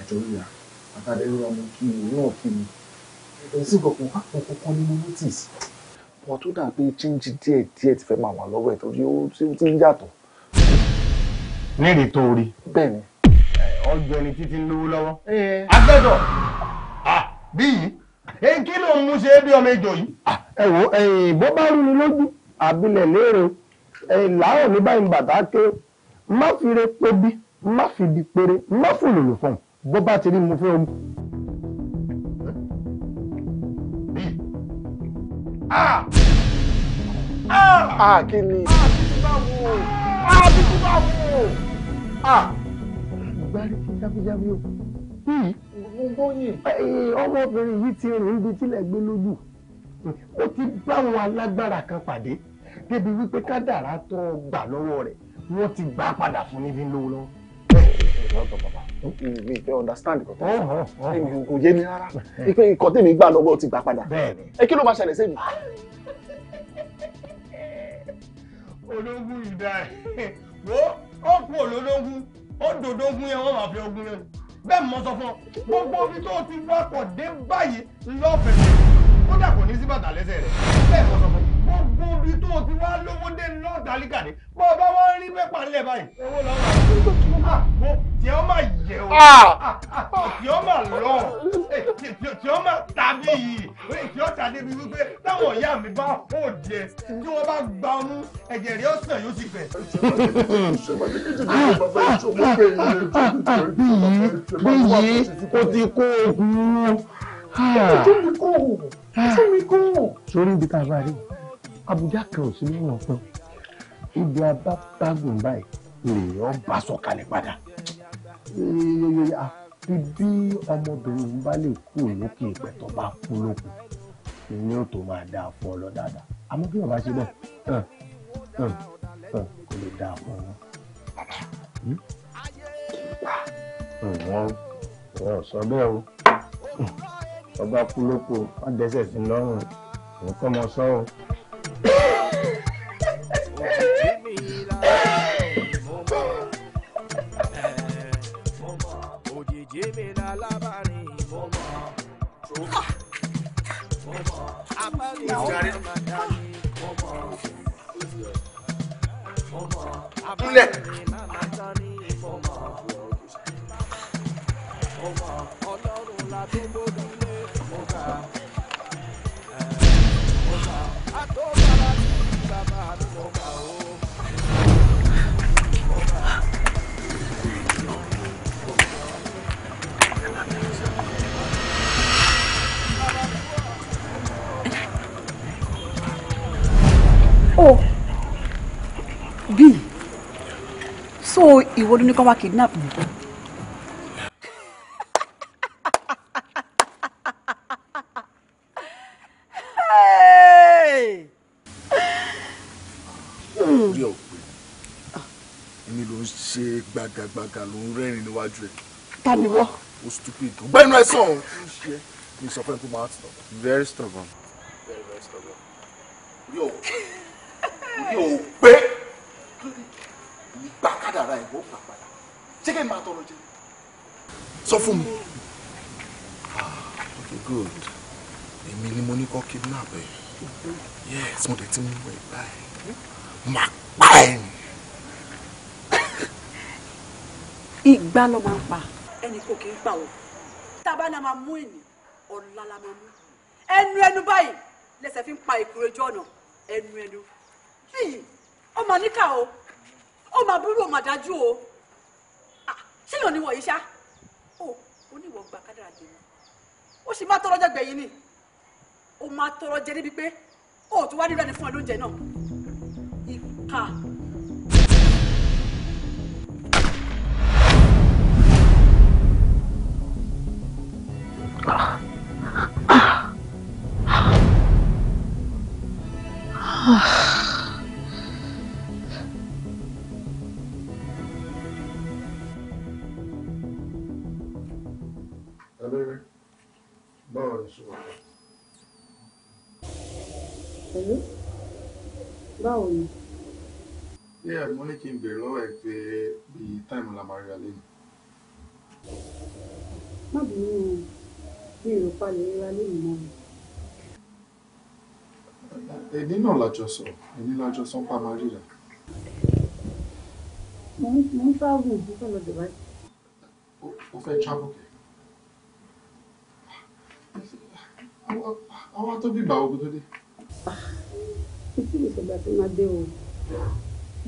àjọyọ̀ àtàlẹ́rù ọmọ kí ni náà kí ni ẹ̀sìn kankan kankan ni mo notice. wọ́n tó dà pé chíńjì díẹ̀ díẹ̀ ti fẹ́ máa wà lọ́wọ́ ẹ̀ torí ó ti ń yàtọ̀. ní ìrètò orí. bẹ́ẹ̀ ni ọ̀gbẹ́ni títí ń lówó lọ́wọ́. agbẹ́dọ̀ ah. Ah, bí kí ló ń mú ṣe é bí ọmọ ejò yìí. Ah, ẹ wo bó bá rú ni lójú àbílẹ̀ léèrè làárọ̀ ní báyìí bàtà ké má fi re pé bí má fi di péré má fò lòlò fún un bó bá ti rí mo fẹ́ ogun. a kí ni. a kí ni báwo. a kí ni báwo gbárí jábíjábí o. Hmm. ọmọbìnrin yìí ti rìn ibi tílẹ̀ gbé lójú ó ti báwọn alágbára kan pàdé débi wípé kádàrá tó gbà lọ́wọ́ rẹ̀ wọ́n ti gbà padà fún níbi lówó lọ́wọ́ lọ́dọ̀ bàbá mi fẹ́ understand nǹkan tó ń sọ kò yé mi rárá ipe nǹkan tèmi gbà lọ́wọ́ ti gbà padà ẹ kí ló máa ṣẹlẹ̀ sí ológun ìdá ẹ̀ wo ó kú olólógún ó dòdò ogun yẹn wọ́n máa fi ogun yẹn bẹ́ẹ̀ mọ́ sọ fún ọ gbogbo ibi tó ti wakọ̀ dé báyìí lọ́fẹ̀ẹ́ kódà kò ní sí bàtà lẹ́sẹ̀ rẹ̀ bẹ́ẹ̀ mọ́ sọ fún gbogbo ibi tó ti wá lówó dé lọ́ọ̀dà líkàdé bọ́ọ̀ bá wọ́n rí pẹ́pà ńlẹ̀ báyìí owó lọ́wọ́ tí ó máa yẹ o tí ó máa lọ tí ó máa tàbí yìí tí ó tàbí mi wípé táwọn ìyá mi bá fò jẹ tí wọ́n bá gba ọmú ẹ̀jẹ̀ rẹ̀ ọ̀sán yóò ti bẹ̀. bíyì ó ti kó oògùn o. sórí ibi tá a bá rí abuja kan ò sí nínú ọ̀pọ̀ ibi abá tágùn báyìí lèèyàn bá sọ̀kalẹ̀ padà àfi bí ọmọbìnrin bá lè kú lókè ìpẹ̀tọ́ bá kú lókun ìyẹn ò tó máa dáa fún ọ lọ dáadáa àmọ́ bí ọba ṣe bẹ́ẹ̀ kò lè dáa fún ọ. Hmm? Ah, wọ́n wọ́n sọ bẹ́ẹ̀ o hmm, ọba kú lóko wọ́n dẹ́sẹ̀ sí lọ́rùn nǹkan mọ sọ́ọ̀. Oh Labani, mo mọ̀. Mo mọ̀. Abali Madani, mo oh bí so ìwọ ló ní kán wá kidnap mi. èmi ló ń ṣe gbàgàgbàgà ló ń rẹ́rìn níwájú ẹ̀. ta ni wọ́n. o stupid o gbẹ́nu ẹ sàn mi sọ fún ẹ pé màá tọ̀. very stubborn. very very stubborn. yóò mi ò gbé ìgbà kádàrá ẹ̀ ó gbà padà ṣé kí n máa tọrọ jẹ sọ fún mi. Ah, okay good èmi ni mo ní kọ́ kidnap ẹ̀ yes mo dẹ̀ ti mú ẹ̀ báyìí máa pa ẹ̀ ni. ìgbà ló máa ń pa. ẹnì kò kì í pa o tábà náà máa mú ìní ọ̀la la máa mú ẹnu ẹnu báyìí lẹsẹ̀ fi ń pa ìkúrẹ́jọ́ ọ̀nà ẹnu ẹnu ọmọ níkà o ọmọ àbúrò ọmọ àdájú o ah, ṣéyàn ni wọ̀nyí ṣá o oníwọ̀ gbà kádàrà tèmi ó sì máa tọrọ jẹ gbẹ̀yìn ni ó máa tọrọ jẹ níbi pé ó tún wá nílẹ̀ ní fún ẹ lóúnjẹ náà ìka. Ah. Ah. Ah. báwo ni. ṣé mo ní kí n béèrè lọ́wọ́ ẹ pé bíi táìmù la máa rí alẹ́ ni. má bínú o mi ò palẹ̀ ríra lẹ́yìn náà. ẹni náà lájọ sọ ẹni lájọ sọ pa máa ríra. mo ń travel mo fẹ́ lọ Dubai. o fẹ́ travel kẹ́. àwa tó bí bàá ogun tó dé títí mi sọgbà tí máa dé o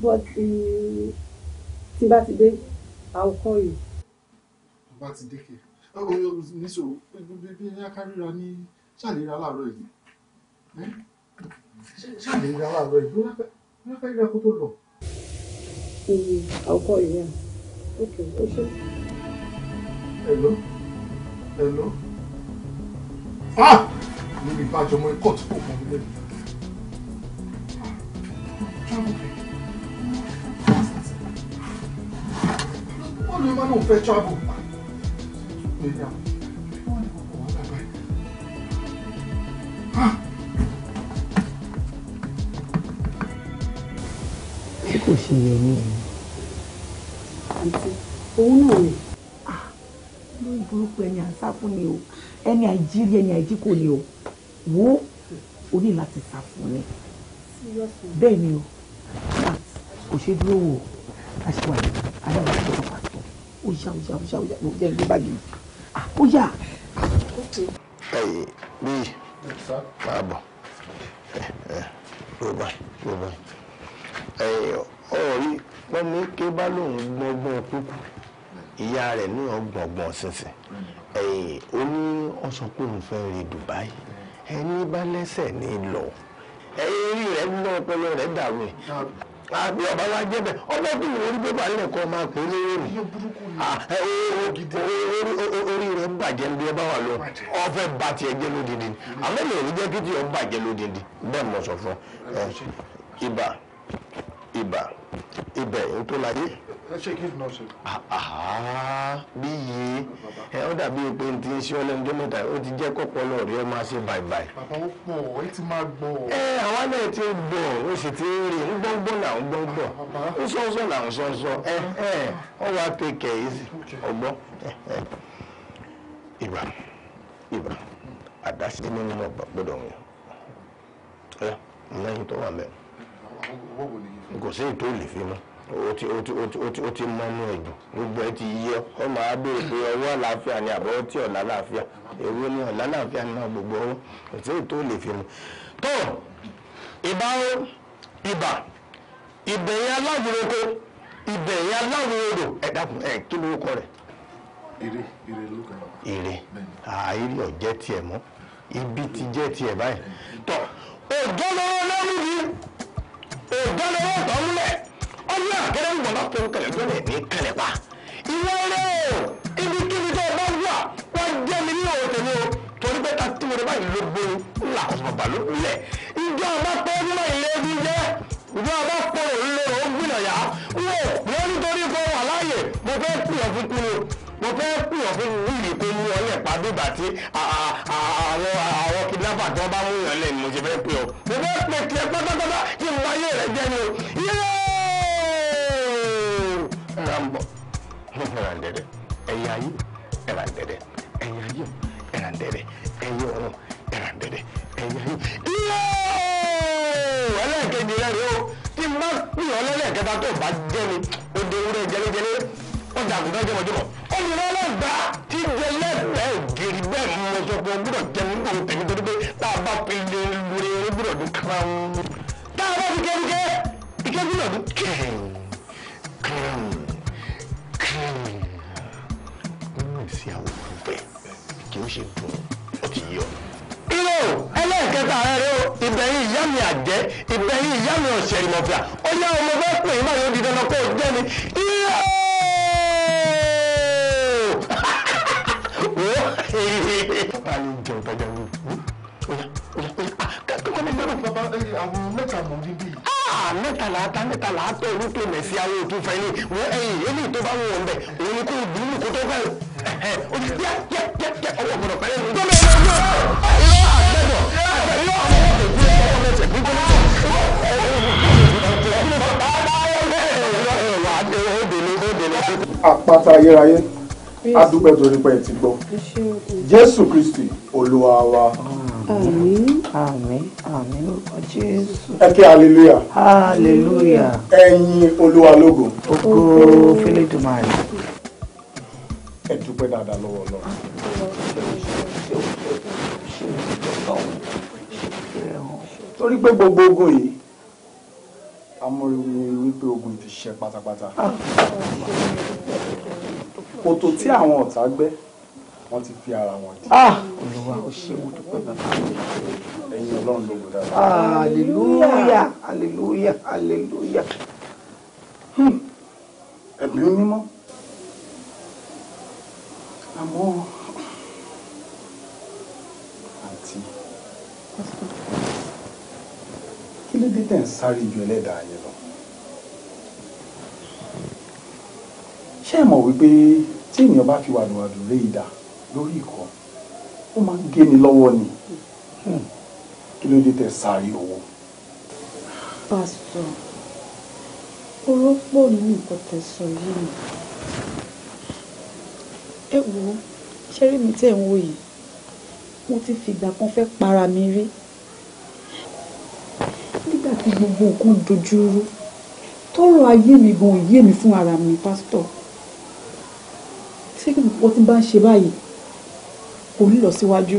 but um, tí bá ti dé I'll call you. bá ti dé kẹ níṣó bí ní akárira ní ṣàlera láàárọ̀ yìí ṣàlera láàárọ̀ yìí bí wọn fẹẹ rí ẹkú tó lọ. Mm, I'll call you yeah. okay o ṣe. hello hello ah mo lè bá àjọmọ ikọ̀ tí kò pọ̀ nílẹ̀ mi wọ́n lè má lóun fẹ́ travel nílé àwọn wọ́n ní kókó wàhálà báyìí. bí kò ṣe yẹ ní o ẹni àìjírí ẹni àìjíkò ni o wo o ní láti sá fún ni bẹ́ẹ̀ ni o ṣe dúró wò aṣọ àyè aláwọ̀ aṣọ ọ̀pá ó yá ó yá ó yá ó yá ó jẹ́ ìgbé báyìí ó yá. ẹyẹ bíi káàbọ̀ ló bá ló bá ẹyẹ ọ̀rí wọ́n ní ké bá lòun gbọ́ngbọ́n kúkú ìyá rẹ̀ ní ọgbọ̀ngbọ̀n sínsìn ẹyẹ ó ní ọ̀sán pé òun fẹ́ rí Dubai ẹni bá lẹ́sẹ̀ ní lọ ẹyẹ rí rẹ̀ lọ́pọlọ rẹ̀ dàrú ẹ̀. àmì ọba wa jẹ bẹ ọba tó wò orí bébà lẹ kọ máa pè é lórí orí ah, rẹ bàjẹ́ ní ẹ bá wà lọ ọfẹ bá tiẹ̀ jẹ́ lódìdí àmọ́ mi ò jẹ́ kí tiẹ̀ bàjẹ́ lódìdí bẹ́ẹ̀ ṣé kí n náà ṣe. bíyì ẹ ó dàbí pé n ti ń ṣe ọlẹ́nu tó mẹ́ta ó ti jẹ́ kọ́pọ̀lọ́ rẹ máa ṣe bàìbàì. bàbá ó pọ̀ ó ti máa gbọ́. ẹ àwa náà ti gbọ́ ó sì ti rí ń gbọ́ngbọ́ là ń gbọ́ngbọ́ ń sọ́nsọ́ là ń sọ́nsọ́ ẹ ẹ ọ wá pé kẹ̀yìsì ọgbọ́n ìbà ìbà àdásí nínú ọgbà gbọ́dọ̀ wọn ẹ lẹ́yìn tó wà mẹ́rin kò sí ètò ìlè fi mọ́. o ti oti oti oti gbogbo ẹ ti yẹ ọmọ abéèrè pé ọwọ́ àlàáfíà ni àbọ̀wọ́ tí ọ̀la àlàáfíà èwo ni ọ̀la àlàáfíà ni náà gbogbo ọwọ́ kò sí ètò lè fi mu. tó ìbá ó ibà ìbẹ̀yẹ aláwòroko ìbẹ̀yẹ aláwòroko ẹ kí ló kọ ire ire ló kọ. ire àìrí ọ̀jẹ́ tiẹ̀ mọ́ ibi ti jẹ́ tiẹ̀ báyìí. tó òjò lọ́wọ́ lọ́wọ́ ọdún àgẹrẹ ń wọlá tó ń kalẹ̀ tó lẹ̀ ní kalẹ̀ pa ìwọ rẹ o ibi kíbi tó o bá wà wá jẹ́ mi ní òun tèmi o torí pé tàbí tí mo rẹ báyìí ló gbóyún ńlá ọ̀sọ̀gbà ló kulẹ̀ ìjọ àbá pé mímọ ilé ẹbí jẹ́ ìjọ àbá pé òun ló rọ ó gbìyànjá wò wọ́n nítorí pé wà láàyè mo fẹ́ kúyọ̀ fún kúrò mo fẹ́ kúyọ̀ fún wíìlì pé mú ọ lẹ̀ pàdé ìgbà tí àwọn àwọn kidnapper tó bá mú yàn lẹ̀ ni mo ṣe fẹ́ pè ọ́ mo fẹ́ pè tiẹ̀ pátápátá kí n wáyé rẹ̀ jẹ́ ni o yíyá ń bọ̀ ẹ̀ràǹdẹ̀dẹ̀ ẹ̀yà ayé ẹ̀ràǹdẹ̀dẹ̀ ẹ̀yà ayé ẹ̀ràǹdẹ̀dẹ̀ ẹ̀yà ọ̀run ẹ̀ràǹdẹ̀dẹ̀ ẹ̀yà ayé. yóò ẹlẹ́ẹ̀kejì rẹ̀ rẹ̀ o tí n bá pín ọ lẹ́lẹ́kẹta tó bá jẹ́ mi ó de ewúrẹ́ jẹlẹ́jẹlẹ́ ó dàgùdọ́ jẹmọ̀jẹmọ̀ ó ní wọ́n lọ́gbà tí jẹ lẹ́ẹ̀ẹ́ ògiri bẹ́ẹ̀ mo sọ pé o gbúdọ̀ jẹ nígbà òun tèmi torí pé tá a bá fi lè lórí o gbúdọ̀ dún kárán. tá a bá fi kẹ́ fi kẹ́ fi kẹ́ gbúdọ̀ dún kẹ́ẹ̀ẹ́ kárán nínú ìyá ah, mi àjẹ́ ìbẹ̀yìn ìyá mi ọ̀sẹ̀ ìmọ̀fìà ó ọmọ bá pè é báyọ̀ di dandan kó o ni mẹ́tàlá ta mẹ́tàlá tó olùpè mẹ́sì awo òtún fẹ́ ni wọ́n ẹ̀yìn eléyìí tó bá wọ̀ ọ́n òun ni kò dùn ún kó tó fẹ́ o ti díẹ̀ díẹ̀ díẹ̀ díẹ̀ ọwọ́ gbọ́dọ̀ pẹ́lẹ́ ní. gómìnà ìlú ìlú àgbẹ̀dọ̀ àgbẹ̀ ìlú àwọn àpáta ayérayé adúpẹ́ torí pé ti gbọ́ Jésù Kristi Olúwa wa. Mm. Amen. Amen. Àmín lórúkọ Jésù. Ẹ kí hallelujah. Hallelujah. Ẹyin Olúwa lógo. Ògo Fẹ́lẹ́dùmarè. Ẹ dúpẹ́ dáadáa lọ́wọ́ Ọlọ́run. Torí pé gbogbo ogun yìí, amúrúwé wípé ogun ti ṣẹ pátápátá. Ah. Kòtò tí àwọn ọ̀tá gbẹ́ wọ́n ti fi ara wọn di. Ah! olùwà ó ṣe mo dúpẹ́ bàbá mi. ẹ̀yin ọlọ́run ló gbọdọ̀. aleluya aleluya aleluya. Hmm. ẹ̀mí onímọ̀ àmọ́ àǹtí kí ló dé tẹ̀ ń sáré ju ẹlẹ́dàá yẹn lọ. ṣé ẹ mọ̀ wípé tí ènìyàn bá fi wàdùwàdù lé ìdá lórí ikọ̀ ó máa ń gé ni lọ́wọ́ ni hmm. kí ló dé tẹ sáré owó. pásítọ̀ oró pọ̀ nínú nǹkan tẹ̀sán yìí ẹ wo ṣẹ́rí mi tẹ̀ ń wò yìí mo ti fìgbà kan fẹ́ para mi rí nígbà tí gbogbo nǹkan dojú rú tọrọ ayé mi gan yé mi fún ara mi pásítọ̀ ṣé kí nǹkan tí bá ń ṣe báyìí kò ní lọ síwájú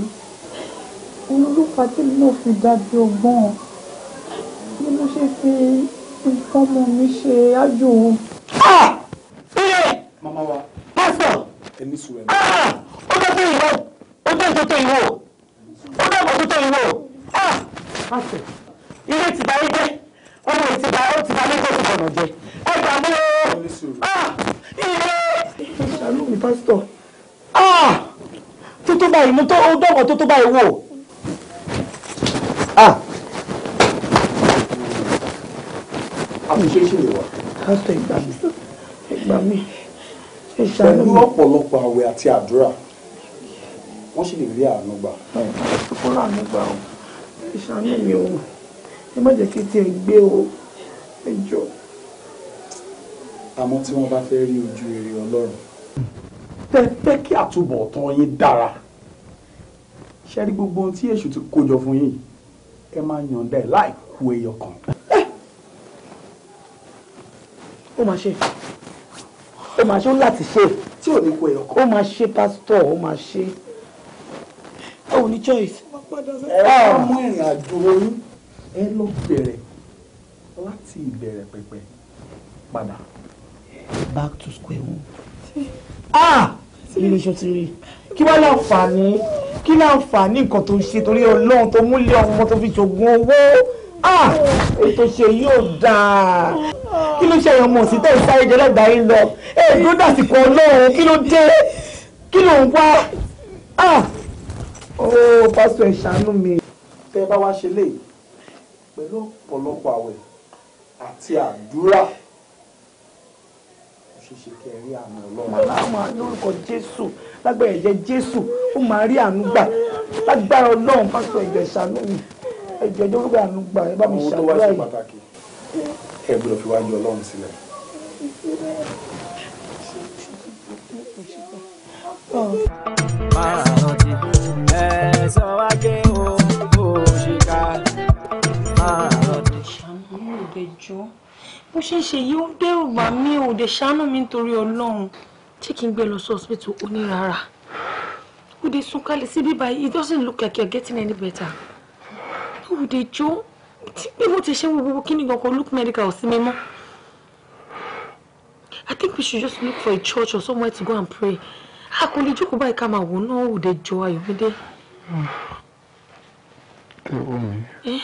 olùlùpàá tèmi náà fi dájú ọgbọ́n ni mo ṣe fi nǹkan ọmọ mi ṣe ájò. Ah! Ah! mama wa pásítọ̀ èmi sùn ẹ̀. ó fẹ́ tó ìwọ ó fẹ́ tó tó ìwọ ó fẹ́ tó tó ìwọ. Ah! pásítọ̀. dààmú tó dọ̀bọ̀ tó tó báyìí wò. o ṣe lè wà. pásítọ̀ ìgbà mi ìgbà mi ìṣàánú. pẹ̀lú ọ̀pọ̀lọpọ̀ àwẹ̀ àti àdúrà wọ́n sì lè rí àánú gbà. ọ̀pọ̀ àánú gbà o ìṣàánú mi o ẹ má jẹ́ kí tiẹ̀ gbé o ẹ jọ. àmọ́ tí wọ́n bá fẹ́ rí ojú rere ọlọ́run. tẹ́ fẹ́ kí àtúbọ̀tán yín dára ṣe rí gbogbo ohun tí èṣù ti kó jọ fún yín ẹ máa yànda ẹ láì ku ẹyọ kan. ó máa ṣe ó máa ṣe ó láti ṣe tí ò ní ku ẹyọ kan. ó máa ṣe pásítọ̀ ó máa ṣe ó ní choice. ẹ wá ah. mú ìrìn àjò oyún ẹ lọ bẹ̀rẹ̀ láti ìbẹ̀rẹ̀ pẹ̀pẹ̀ padà. back to square one. ah ilé iṣẹ́ ti rí i kí wá láǹfààní kí láǹfààní nǹkan tó ń ṣe torí ọlọ́run tó múlẹ̀ ọmọ tó fi ṣògùn owó ah, ètò ṣe yóò dáa kí ló ṣe èèyàn mọ̀ sí tẹ́ ìsáré jẹ́ lẹ́gbàá yín lọ èèdó dàsìkò ọlọ́run kí ló dé kí ló ń wá ooo ah, pásítọ̀ ẹ̀ ṣàánú mi. tẹ́ ẹ bá wá ṣe léyìí pẹ̀lú ọ̀pọ̀lọpọ̀ àwẹ̀ àti àdúrà ṣeéṣe kẹ́ ẹ rí àánú ọlọ́run aláàmà lórúkọ jésù lágbára ẹ̀jẹ̀ jésù ó máa rí àánú gbà lágbára ọlọ́run má sọ ẹ̀jẹ̀ ṣàánú mi ẹ̀jẹ̀ ẹ̀jẹ̀ olúgbà àánú gbà ẹ bá mi ṣàdúrà yìí. ẹ gbọ́dọ̀ fi wájú ọlọ́run sílẹ̀. máa rántí ẹ sọ wá pé ó ó ṣe ká máa rántí. ṣàánú ìgbẹ́jọ́ bó ṣe ń ṣe yìí ó ń dẹ́rù bà mí ò dé ṣàánú mi nítorí ọlọ́run tí kì í gbé lọ sí hospital onírara ó dé súnkálẹ̀ sí bíbá yìí it doesn't look like you're getting any better ó dé jó bí mo ti ṣe ń wo gbogbo kí ni gbọ̀ngàn look medical sí mi mọ́ I think we should just look for a church or somewhere to go and pray a kò lè jókòó báyìí ká máa wò náà ó dé jó ayọ̀mídé. ẹ wọ́n mi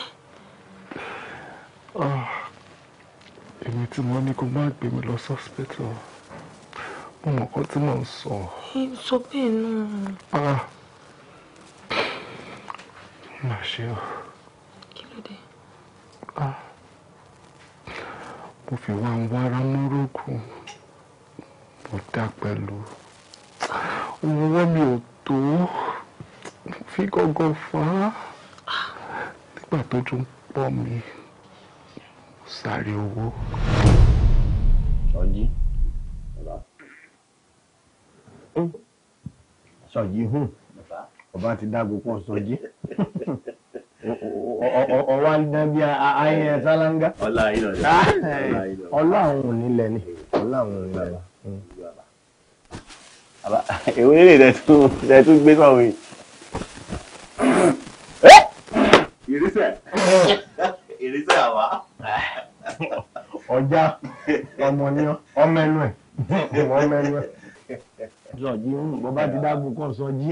èmi tí mo ní kó má gbé mi lọ sọ́spítọ̀ mo mọ̀ kọ́ tí mò ń sọ. sọ bẹ́ẹ̀ náà. Ah. mà ṣe o. kí ló dé. Ah. mo fi wá ń wá ara mọ́rọ́gùn mo dá pẹ̀lú owó mi ò tó fi gángan fà á ah. nígbà tó tún pọ̀ mi sáré owó. o o hùn ọba ti dágbo pọ̀ sọjí ọwọ́ àdínábí ayé sálángá ọlá àwọn onílẹ̀ ah, eh, ni ọlá àwọn onílẹ̀ ni. èwe lè dẹ̀ tún gbé sọ̀rọ̀ yìí. Eh! ìrísẹ̀ ìrísẹ̀ àwa. ọjà ọmọ ní ọmọ ẹnu ẹ ọmọ ẹnu ẹ sọjí bó bá ti dáàbò kọ sọjí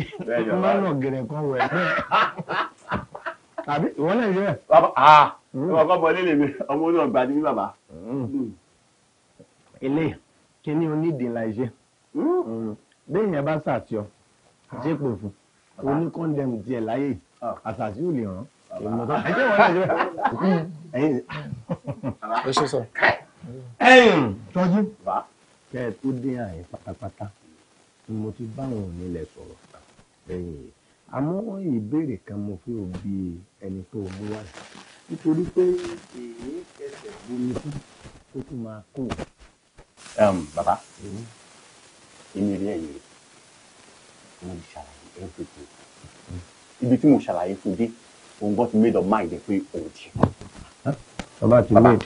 má nà gẹrẹ kan wẹ bẹ́ẹ̀ tàbí ìwọ náà yẹ. bàbá hmm. ọkọ bọ nílé mi ọmọ náà gba ní bàbá. ilé kíní onídìí la ṣe bẹ́ẹ̀ yẹn bá ṣàtìọ́ ṣépò fún oníkọ́ndẹ̀mù tiẹ̀ láyé ah. àṣàṣì ò lè rán èmi mọ́tò wọ́n náà yẹ. ẹ ṣe sọ tọ́jú kẹ́ ẹ tó dé àyè pátápátá ni mo ti báwọn onílẹ̀ sọ̀rọ̀ àmọ́ ìbéèrè kan mo fi ò bi ẹni tó mú wá sí nítorí pé èyí kẹsẹ̀ bomi fún tó tún máa kó. bàbá èmi rí ẹ̀yìn rẹ̀ mo ṣàlàyé everything ibi tí mo ṣàlàyé fún dé òun gbọ́ ti made up mind pé òun ti kú bàbá ti lé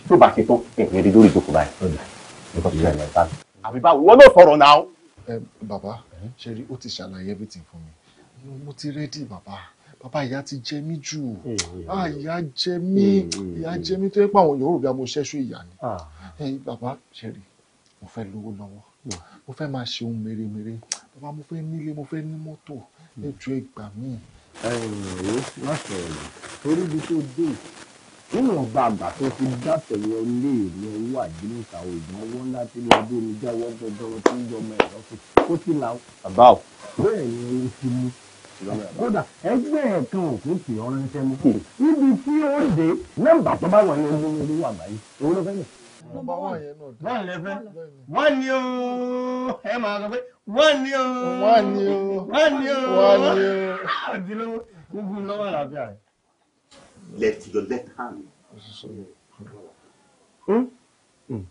tó bá ṣe tán ẹ̀yìn rí lórí ìjókòó báyìí àbí báwo wọn náà sọ̀rọ̀ náà. ẹ bàbá ṣe rí ó ti ṣàlàyé everything fún mi mo ti rẹ́dí bàbá bàbá ìyá ti jẹ mí jù ah, ìyá jẹ mí ìyá jẹ mí tó yẹ pé àwọn Yorùbá mo ṣẹ́ṣú ìyá ni ah. bàbá ṣe rí mo fẹ́ lówó lọ́wọ́ mo fẹ́ máa ṣe ohun mèremère bàbá mo fẹ́ nílé mo fẹ́ ní mọ́tò ẹjọ́ ìgbà míì. ẹ ẹ má sọ̀rọ̀ torí ibi tó dé níwọ̀nba àgbà tó fi dátẹ̀yẹ ilé ìrìn owó àdínú ìsàwọ̀ ìdánwò ńlá tí ní ọdún mi jáwọ́ gbọdọ̀rọ̀ tó ń jọmọ ẹ̀ lọ́sùn kó sì la bàbá o bẹ́ẹ̀ ni ó ti mú kódà ẹgbẹ́ ẹ̀ kan ò kún sí ọ̀rọ̀ ẹsẹ̀ mú ibi hmm. tí ó dé nọ́mbà tó bá wọn ní ọdún mi lówó àgbáyé òun ló fẹ́lẹ̀. wọ́n lè fẹ́ wọ́n ní o ẹ máa sọ pé wọ́n ní o wọ́n ní o wọ́n ní o wọ́n ní left your left hand. Hmm? Hmm.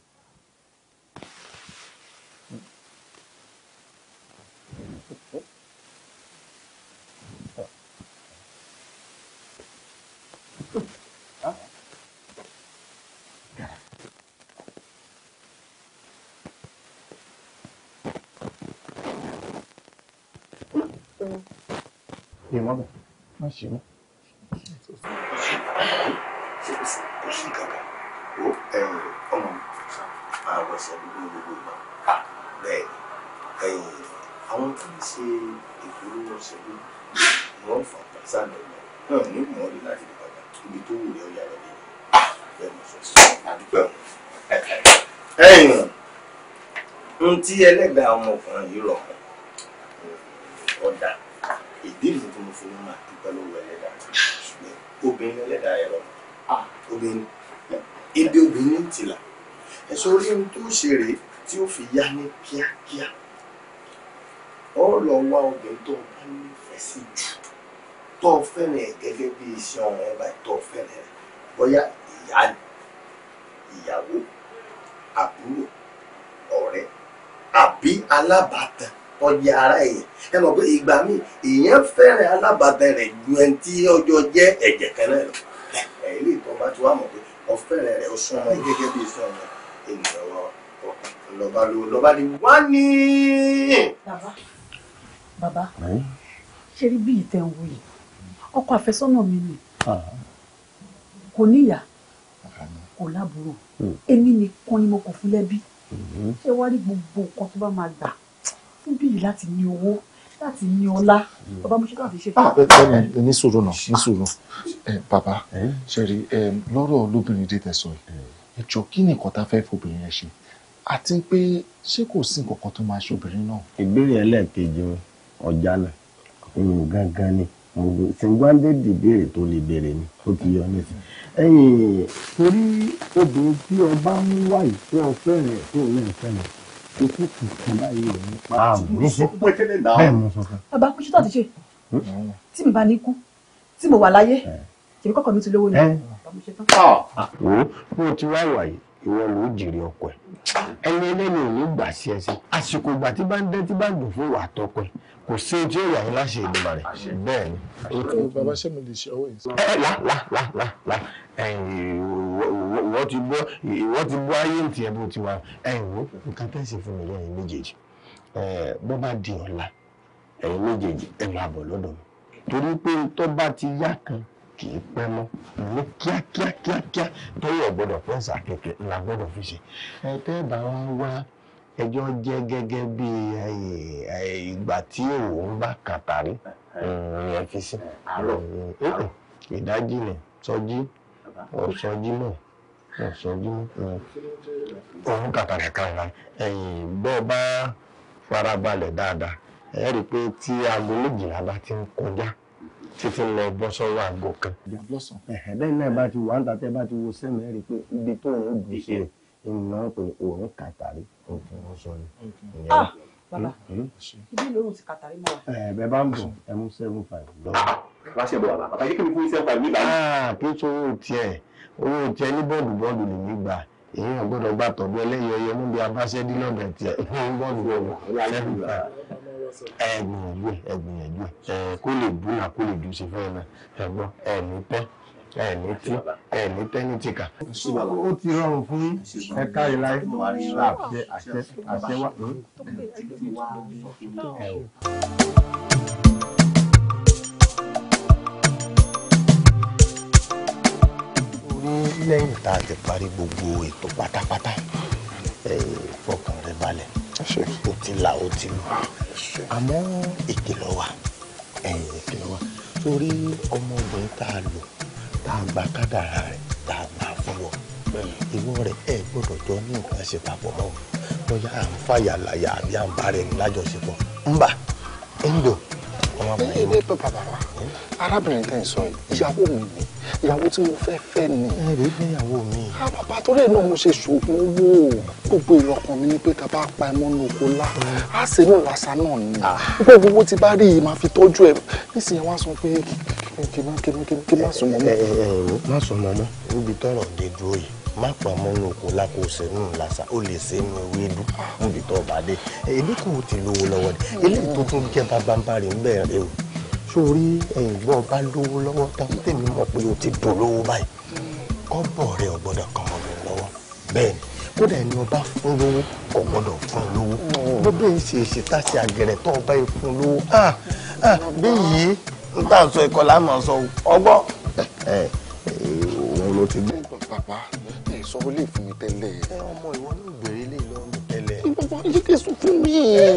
kò sí kankan ó ẹ̀yìn ọmọ máa lọ sí àdúgbò gbogbo ìgbà bẹ́ẹ̀ ẹ̀yìn àwọn tó ń ṣe ìpolówó ṣẹlú wọn fà sáàmì ọmọ náà ní ìmọ̀lẹ́ láti lè padà ibi tó wù ní ọjà rẹ̀ lè bẹ́ẹ̀ mo sọ sí àdúgbò ẹ̀yìn ohun tí ẹlẹ́gbẹ̀ẹ́ ọmọkùnrin yìí rọ̀ ọ̀dà ìdí ìlú tó mo fi ní máa dúpẹ́ lọ́wọ́ ẹlẹ́dàá ṣùgbọ́n obìnrin ẹlẹ́dàá ẹ̀rọ mi. Ah, obìnrin ebi obìnrin tìlà ẹ̀sọ́ orí ohun tó ṣe rèé tí ó fi yá ní kíákíá ọ lọ wá obìnrin tó bá nífẹ̀ẹ́ sí jù tó fẹ́ràn ẹ̀ gẹ́gẹ́ bí iṣẹ́ ọ̀rọ̀ ẹ̀ báyìí tó fẹ́ràn ẹ̀ bóyá ìyá ni ìyàwó àbúrò ọ̀rẹ́ àbí alábàtàn ọjà ara èèyàn ẹ mọ̀ pé ìgbà míì èèyàn fẹ́ràn alábàtàn rẹ̀ ju ẹni tí ọjọ́ jẹ́ ẹ̀jẹ̀ kan náà lọ ilé ìtọ́ba tí wàá mọ̀ pé ọ̀fẹ́ rẹ̀ rẹ̀ sún ọmọ gẹ́gẹ́ bí ìfẹ́ ọmọ ènìyàn wa lọ́ba ló lọ́ba ni wá ní. bàbá bàbá ṣe rí bí ìtẹ̀ ń wò yìí ọkọ àfẹ́sọ́nà mi ni ah. kò níyà kò lábúrò hmm. èmi nìkan ni mo kò fún lẹ́bí mm-hmm. ṣé wàá rí gbogbo nǹkan tó bá máa gbà fún bíi láti ní owó láti ní ọlá bàbá mo ṣe láti ṣe fún ah, mi. ní sùúrù náà ní sùúrù bàbá ṣẹ̀rí lọ́rọ̀ olóbìnrin dé tẹ̀sán ẹ jọ kí ni nǹkan tá a fẹ́ fobìnrin yẹn ṣe àti pé ṣé kò sí nǹkan kan tó máa ṣe obìnrin náà. ìbéèrè ẹlẹ́ẹ̀kejì ọjà náà èèyàn gángan ni tí wọ́n á dédì béèrè tó lè béèrè ni ó ti yọ ní sí. ẹ̀yìn torí obìnrin tí ọba ń wá ìfẹ́ ọ̀fẹ́ rẹ̀ tó lè fẹ́ rẹ̀ ikú kù kan báyìí ò ní pa tí mo sọ pé tẹ́lẹ̀ náà. bẹ́ẹ̀ mo sọ fún un. bàbá kújú tó àti ṣe tí mi bá ní kú tí mo wà láyé tèmi kọ́kọ́ mi ti lówó ni. Ah. Ah. wo bó o ti wá ìwà yìí ìwọ ló jèrè ọkọ ẹ ẹni ẹlẹ́ni ò ní gbà sí ẹsẹ̀ àsìkò ìgbà tí bá ń dẹ́ tí bá ń dùn fún wà tọkọ ẹ kò sí ojú ìyá yín láṣẹ ìdìbò rẹ bẹ́ẹ̀ ni. bàbá ṣé mi lè ṣe ọwọ́ yìí. ẹ là là là là là ìwọ ti bọ ìwọ ti bọ ayé ntì ẹ bó ti wá ẹ wo nǹkan tẹ̀sí fún mi lẹ́yìn méjèèjì bó bá di ọ̀la ẹ̀yin méjèèjì ẹ lọ àbọ̀ lọ́dọ̀ mi torí pé tó bá ti yá kan kì í pẹ́ mọ́ ní kíákíákíákíá tó yẹ gbọ́dọ̀ pẹ́sà kékeré la gbọ́dọ̀ fi ṣe ẹ tẹ́ bá wá wá ẹjọ́ jẹ́ gẹ́gẹ́ bí eh, eh, ìgbà tí òun bá kàtàrí mm, ẹ fi sí. àárọ̀ eh, ìdájí ni sọjí ọ̀sọ́jí mọ̀ ọ̀sọ́jí mọ̀ òun kàtàrí kan náà ẹ̀yìn bọ́ bá farabalẹ̀ dáadáa ẹ rí i pé tí aago méjìlá bá ti ń kọjá títí lọ bọ́ sọ́wọ́ aago kan. lẹ́yìn náà bá ti wà ń ta tẹ́ bá ti wo sẹ́mi ẹ rí i pé ibi tó ń gbèsè ìnáwó pé òun kàtàrí oògùn ah bàbá hmm? Hmm? ibi lòun ti kàtàrí mọ́ wa. ẹ bẹ bá seven five lọ. láṣẹ bọ̀ bàbá bàbá yìí kí ni fún seven five nígbà. Ah, kí n sọ owó tiẹ̀ owó tiẹ̀ ní bọ́ọ̀lù bọ́ọ̀lù lè ní gbà èyí ò gbọ́dọ̀ gbà tọ̀dọ̀ ẹlẹ́yẹyẹ mú bí abáṣẹ́dí lọ́dọ̀ tiẹ̀ bọ́ọ̀lù bọ́ọ̀lù seven five ẹgbìyànjú ẹ ẹgbìyànjú ẹ kó lè bú náà kó lè dùn sí fẹ́ẹ́ náà ẹ gbọ́ pẹ́ ẹ ní tí ẹ ní tẹ́ni tí kà. ó ti rọrùn fún ẹ̀ka ìlà àṣẹ àṣẹ àṣẹ wa. orí lẹ́yìn tá a ti parí gbogbo ètò pátápátá fọkàn rẹ balẹ̀ ó ti là ó ti lù àmọ́ ìkìlọ̀ wa ìkìlọ̀ wa torí ọmọbìnrin tá a lò tá à ń gba kádàrà rẹ̀ tá à ń gbà fọlọ́ ìwọ rẹ̀ ẹ gbọ́dọ̀ jọ ní nǹkan ṣe papọ̀ mọ́ bóyá à ń fàyà láyà àbí à ń bá rẹ̀ ní lájọṣepọ̀ ńbà ńdò ẹ̀yin ní bàbá bàbá arábìnrin tẹ̀ ń sọ ìyàwó mi ni ìyàwó tí mo fẹ́ fẹ́ ni. ẹ rí bí ìyàwó mi. àbàbà tó lè náà mo ṣe ṣoògùn owó gbogbo ìlọkàn mi ni pé tá a bá pa ẹmọ ní oko lá á ṣe náà làṣà náà ni gbogbo owó tí bá rí yìí máa fi tọ́jú ẹ nísìnyẹn wá sọ pé kí má sùn mọ́ mọ́. má sùn mọ́ mọ́ níbi tọ́rọ̀ dé dúró yìí má pa mọ́nú oko lákò sẹ́nu làṣà ó lè sẹ́nu ewédú níbi tó bá dé ebi kò ti lówó lọ́wọ́ dé eléyìí tó tún jẹ́ bábánbárì ń bẹ̀rẹ̀ o sórí ẹ̀yìn gbọ́ bá lówó lọ́wọ́ tán tèmi mọ̀ pé o ti dolówó báyìí kọ́bọ̀ rẹ̀ ò gbọ́dọ̀ kàn mọ́ lòun lọ́wọ́ ni kódà ẹni ọba fún lówó kò gbọ́dọ̀ fún lówó gbọ́dọ̀ ìṣe ìṣètàṣe àgẹ̀rẹ̀ tó ọba yìí fún lówó ah, ah, bí yìí ń tà sọ ìkọlà máa sọ ọgbọ́n ló ti gbé. bàbá ẹ sọ ilé ìfún mi tẹ́lẹ̀. ọmọ ìwọ náà bèrè ilé ìlọrin tẹ́lẹ̀. bàbá yìí kì í sọ fún mi.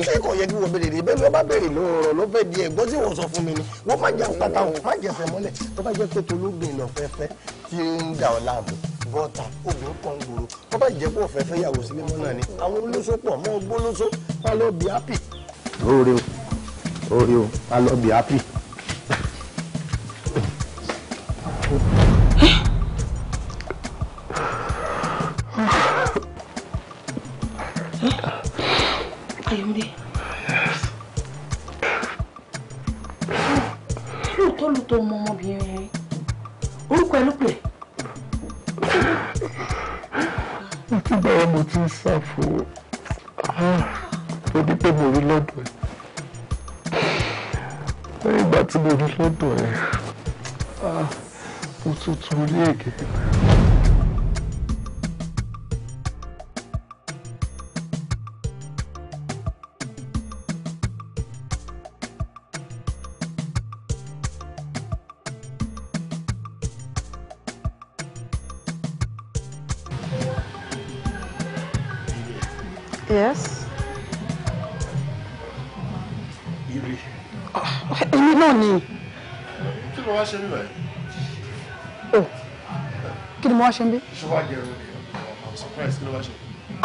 ṣé kò yẹ kí wọ́n béèrè rè bẹ́ẹ̀ ló bá béèrè ló rọ̀ ló fẹ́ di ẹ̀gbọ́n tí wọ́n sọ fún mi ni wọ́n má jẹ́ àpáta wọn má jẹ́ fẹ́mọ́lẹ̀ tó bá jẹ́ pé tolóògbé lọ fẹ́fẹ́ tí ń dà ọ́ láàbù bọ́ta obìnrin kan gbòòrò tó bá jẹ́ pé òfẹ́fẹ́ yàwó sílé mọ́ náà ni àwọn olóṣó pọ̀ mọ́ gbólóṣó wọn lọ bí happy. lóore o lóore o wọn lọ bí happy. Suçlu niye ki? wá ṣe ń bí.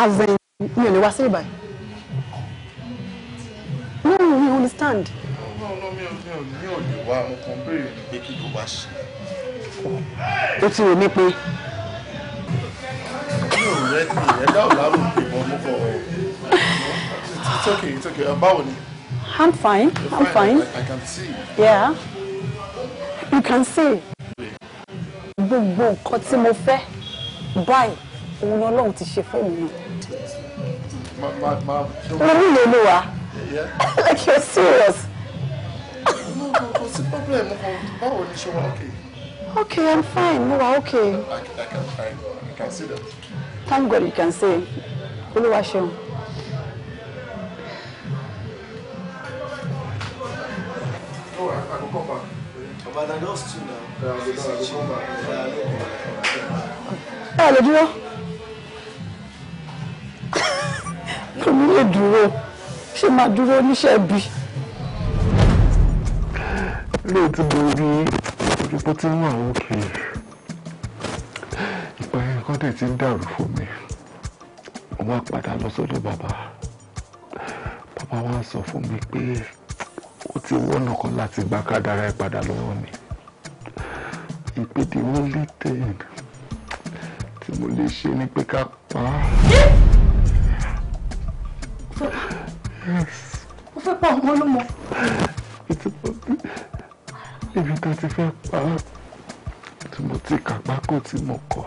azẹ̀yìn mi ò lè wá sí ìbàyìí. no we understand. mi ò lè wá mo kàn béèrè ní pé kí ló wá ṣe. ó ti rò mí pé. It's okay, it's okay. Báwo ni? I'm fine. I'm fine. fine. I, I can see. Yeah. You can see gbogbo nǹkan tí mo fẹ́ báyìí òun ni ọlọ́run ti ṣe fún mi náà. mo ní ìlú olúwa like you're serious. okay. i'm fine mo wà okay. I, can, see that. thank God you can say olúwa ṣeun. But I lost two now. Yeah, I'll come back. Yeah, I'll dúró. Kòmí lè dúró. Ṣé máa dúró níṣẹ́ bí? Lóòótọ́ lórí ojúbó tí ń wà wọ́n kiri. Ìgbà yẹn nǹkan dẹ̀ ti ń dàrú fún mi. Mo wá padà lọ sọ́dọ̀ bàbá. Bàbá wa sọ fún mi pé ó ti wọ́n ọ̀nà kan láti gba kádàrá ẹ̀ padà lọ́wọ́ mi ìpèdè wọn lé tẹ̀yìn tí mo lè ṣe ni pé ká pa á. mo fẹ́ pa ọmọ ọlọ́mọ. ibi tó ti fẹ́ pa á tí mo ti kàpá kó tí mo kọ̀.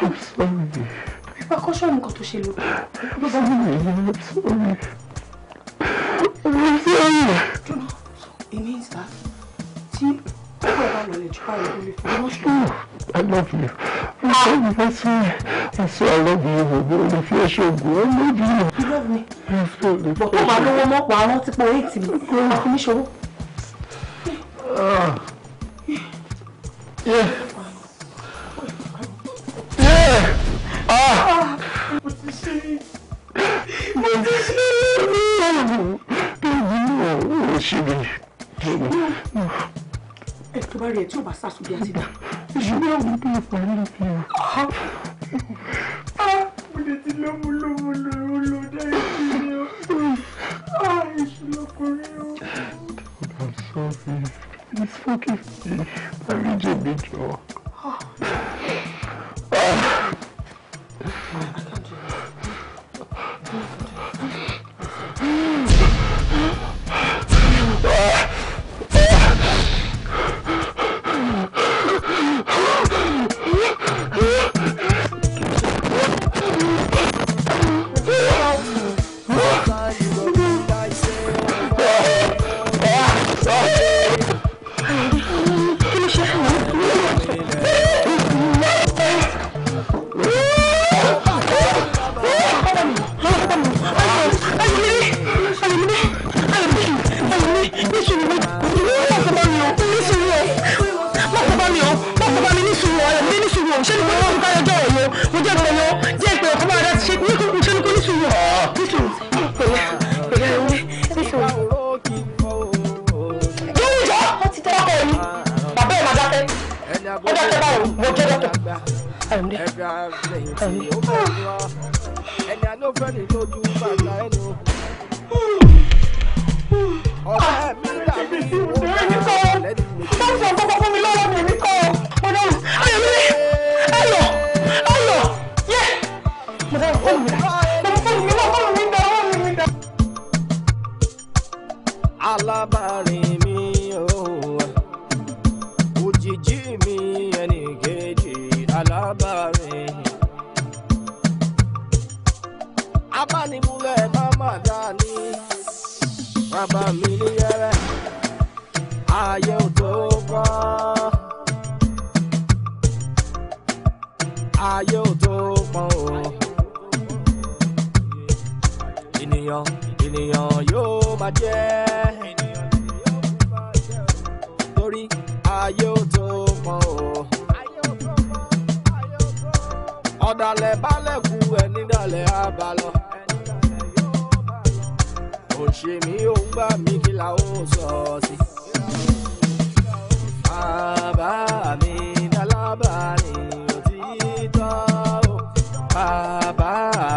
I'm sorry. Ìpàkọ́ṣọ́ nǹkan tó ṣe lò. I'm sorry mo fi ọyàn. jọ̀nà èmi ń sá tí ọgbà bá lọ lè jù bá lọ lè fọwọ́ sí. I love you. I love you. That's why I say I love you. I love you. I love you. I love you. You love me. Bọ̀ tó máa lówó mọ́pọ̀ àwọn tí po eight mi. Àwọn fi mí ṣòro. Yeah. ìdí àti ìgbà. ìṣúná òun tó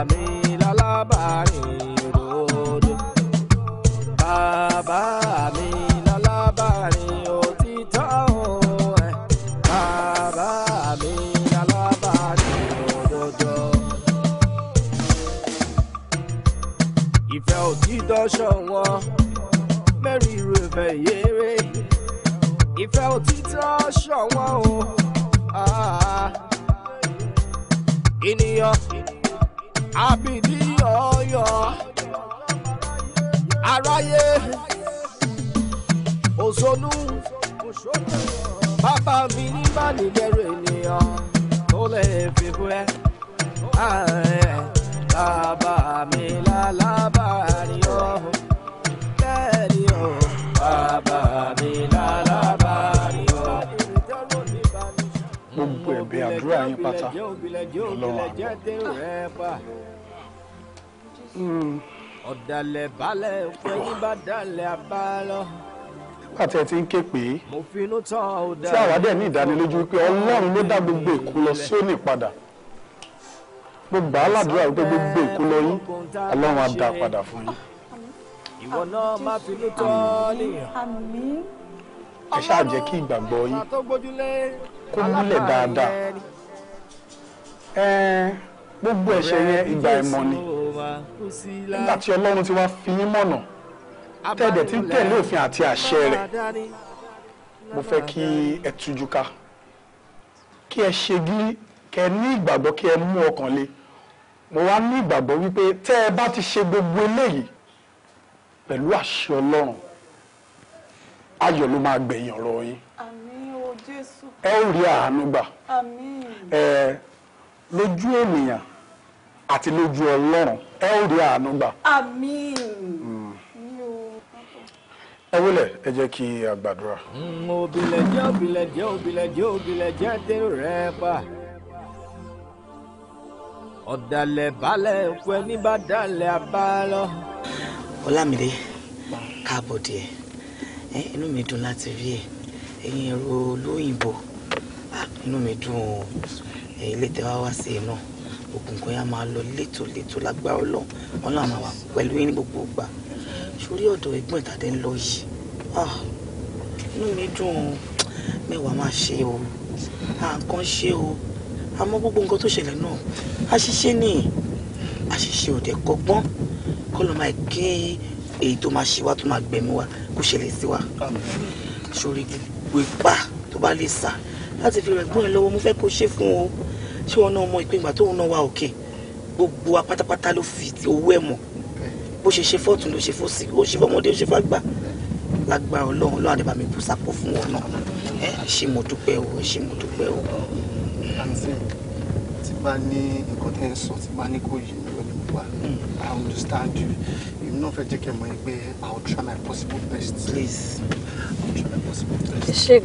mi lálábàárín òdodo bàbá mi lálábàárín òtítọ́ ẹ̀ bàbá mi lálábàárín òdodo. ìfẹ́ òtítọ́ ṣọ̀wọ́n mẹ́rin rẹ̀ yéré ìfẹ́ òtítọ́ ṣọ̀wọ́n o ah, ah. ènìyàn àbìdí ọ̀yọ́ aráyé òṣòlú bàbá mi ní bánidẹ́rù ènìyàn tó lè fi bú ẹ bàbá mi lálábàárí ọ bẹ́ẹ̀ ni ọ bàbá mi lálábàárí gbogbo ẹ̀bẹ̀ àdúrà yín pátá lọ́wọ́ hmm. àgbọ̀. nígbà tí ẹ ti ń ké pé tí àwa ní ìdánilójú pé ọlọ́run ló dá gbogbo èkó lọ sóní padà mo gbà á ládùúrà wípé gbogbo èkó lọ yín ọlọ́run á dá padà fún yín. ìwọ náà má finú tọ́ nìyẹn. ẹ ṣáà jẹ́ kí ìgbàgbọ́ yín kó múlẹ̀ dáadáa gbogbo ẹ̀ṣẹ̀ yẹn ìgbà ẹ̀mọ́ ni nígbà tí ọlọ́run ti wá fi yín mọ̀nà tẹ̀dẹ̀ tí ń tẹ̀lé òfin àti àṣẹ rẹ̀ mo fẹ́ kí ẹ tújú ká kí ẹ ṣe gírí ní ìgbàgbọ́ kí ẹ mú ọkàn le mo wá ní ìgbàgbọ́ wípé tẹ́ ẹ bá ti ṣe gbogbo eléyìí pẹ̀lú àṣẹ ọlọ́run ayọ̀ ló máa gbẹ̀yìn ọ̀rọ̀ yín ẹ ó rí àánú gbà ẹ lójú ènìyàn àti lójú ọlọ́run ẹ ó rí àánú gbà. àmín. Hmm. ẹ wọlé ẹ jẹ́ kí a gbàdúrà. òbílẹ̀ hmm, jẹ́ òbílẹ̀ jẹ́ òbílẹ̀ jẹ́ òbílẹ̀ jẹ́ dé rẹ̀ bá. ọ̀dàlẹ̀ balẹ̀ fún ẹni bá dalẹ̀ abálọ. ọlámídé káàbọ̀ díẹ̀ inú mi dùn láti rí ẹ ẹ̀yin ẹ̀rọ olóyìnbó inú mi dùn o ilé tẹ́wá wá sí iná oògùn kan yá máa lọ létòlétò lágbára Ọlọ́run wọn náà máa wà pẹ̀lú yín ní gbogbo ìgbà sórí ọ̀dọ̀ ẹ̀gbọ́n ìtàdé ń lọ yìí ah, inú mi dùn o mẹ́wàá máa ṣe o àǹkan ṣe o àmọ́ gbogbo nǹkan tó ṣẹlẹ̀ náà àṣìṣe ni àṣìṣe òde kọ́gbọ́n kọ́ ló máa gé èyí tó máa ṣe wá tó máa gbẹ̀mí wa kó ṣẹlẹ̀ sí wa sórí gbogbo ipá tó bá lè sà láti fi rẹ̀ gbọ́n ẹ lọ́wọ́ mo fẹ́ kó ṣe fún o ṣé wọn náà mọ ìpínpà tóun náà wà òkè gbogbo wa pátápátá ló fi owó ẹ̀ mọ̀ bó ṣe ṣe fọ́ọ̀tún ló ṣe fọ́ọ̀sì ó ṣe fọ́mọdé ó ṣe fàgbà lágbára ọlọ́run ọlọ́run àdébà mi bù sápò fún wọn náà ẹ ṣe mo dúpẹ́ o ṣe mo dúpẹ́ o. tí bá ní nǹkan tẹ́ ń sọ tí bá ní kò yé mi lọ́dún I understand you náà fẹ́ jẹ́ kí ẹ mọ̀ ẹ́ I will try my possible best. Please. I try my possible best. Ẹ ṣé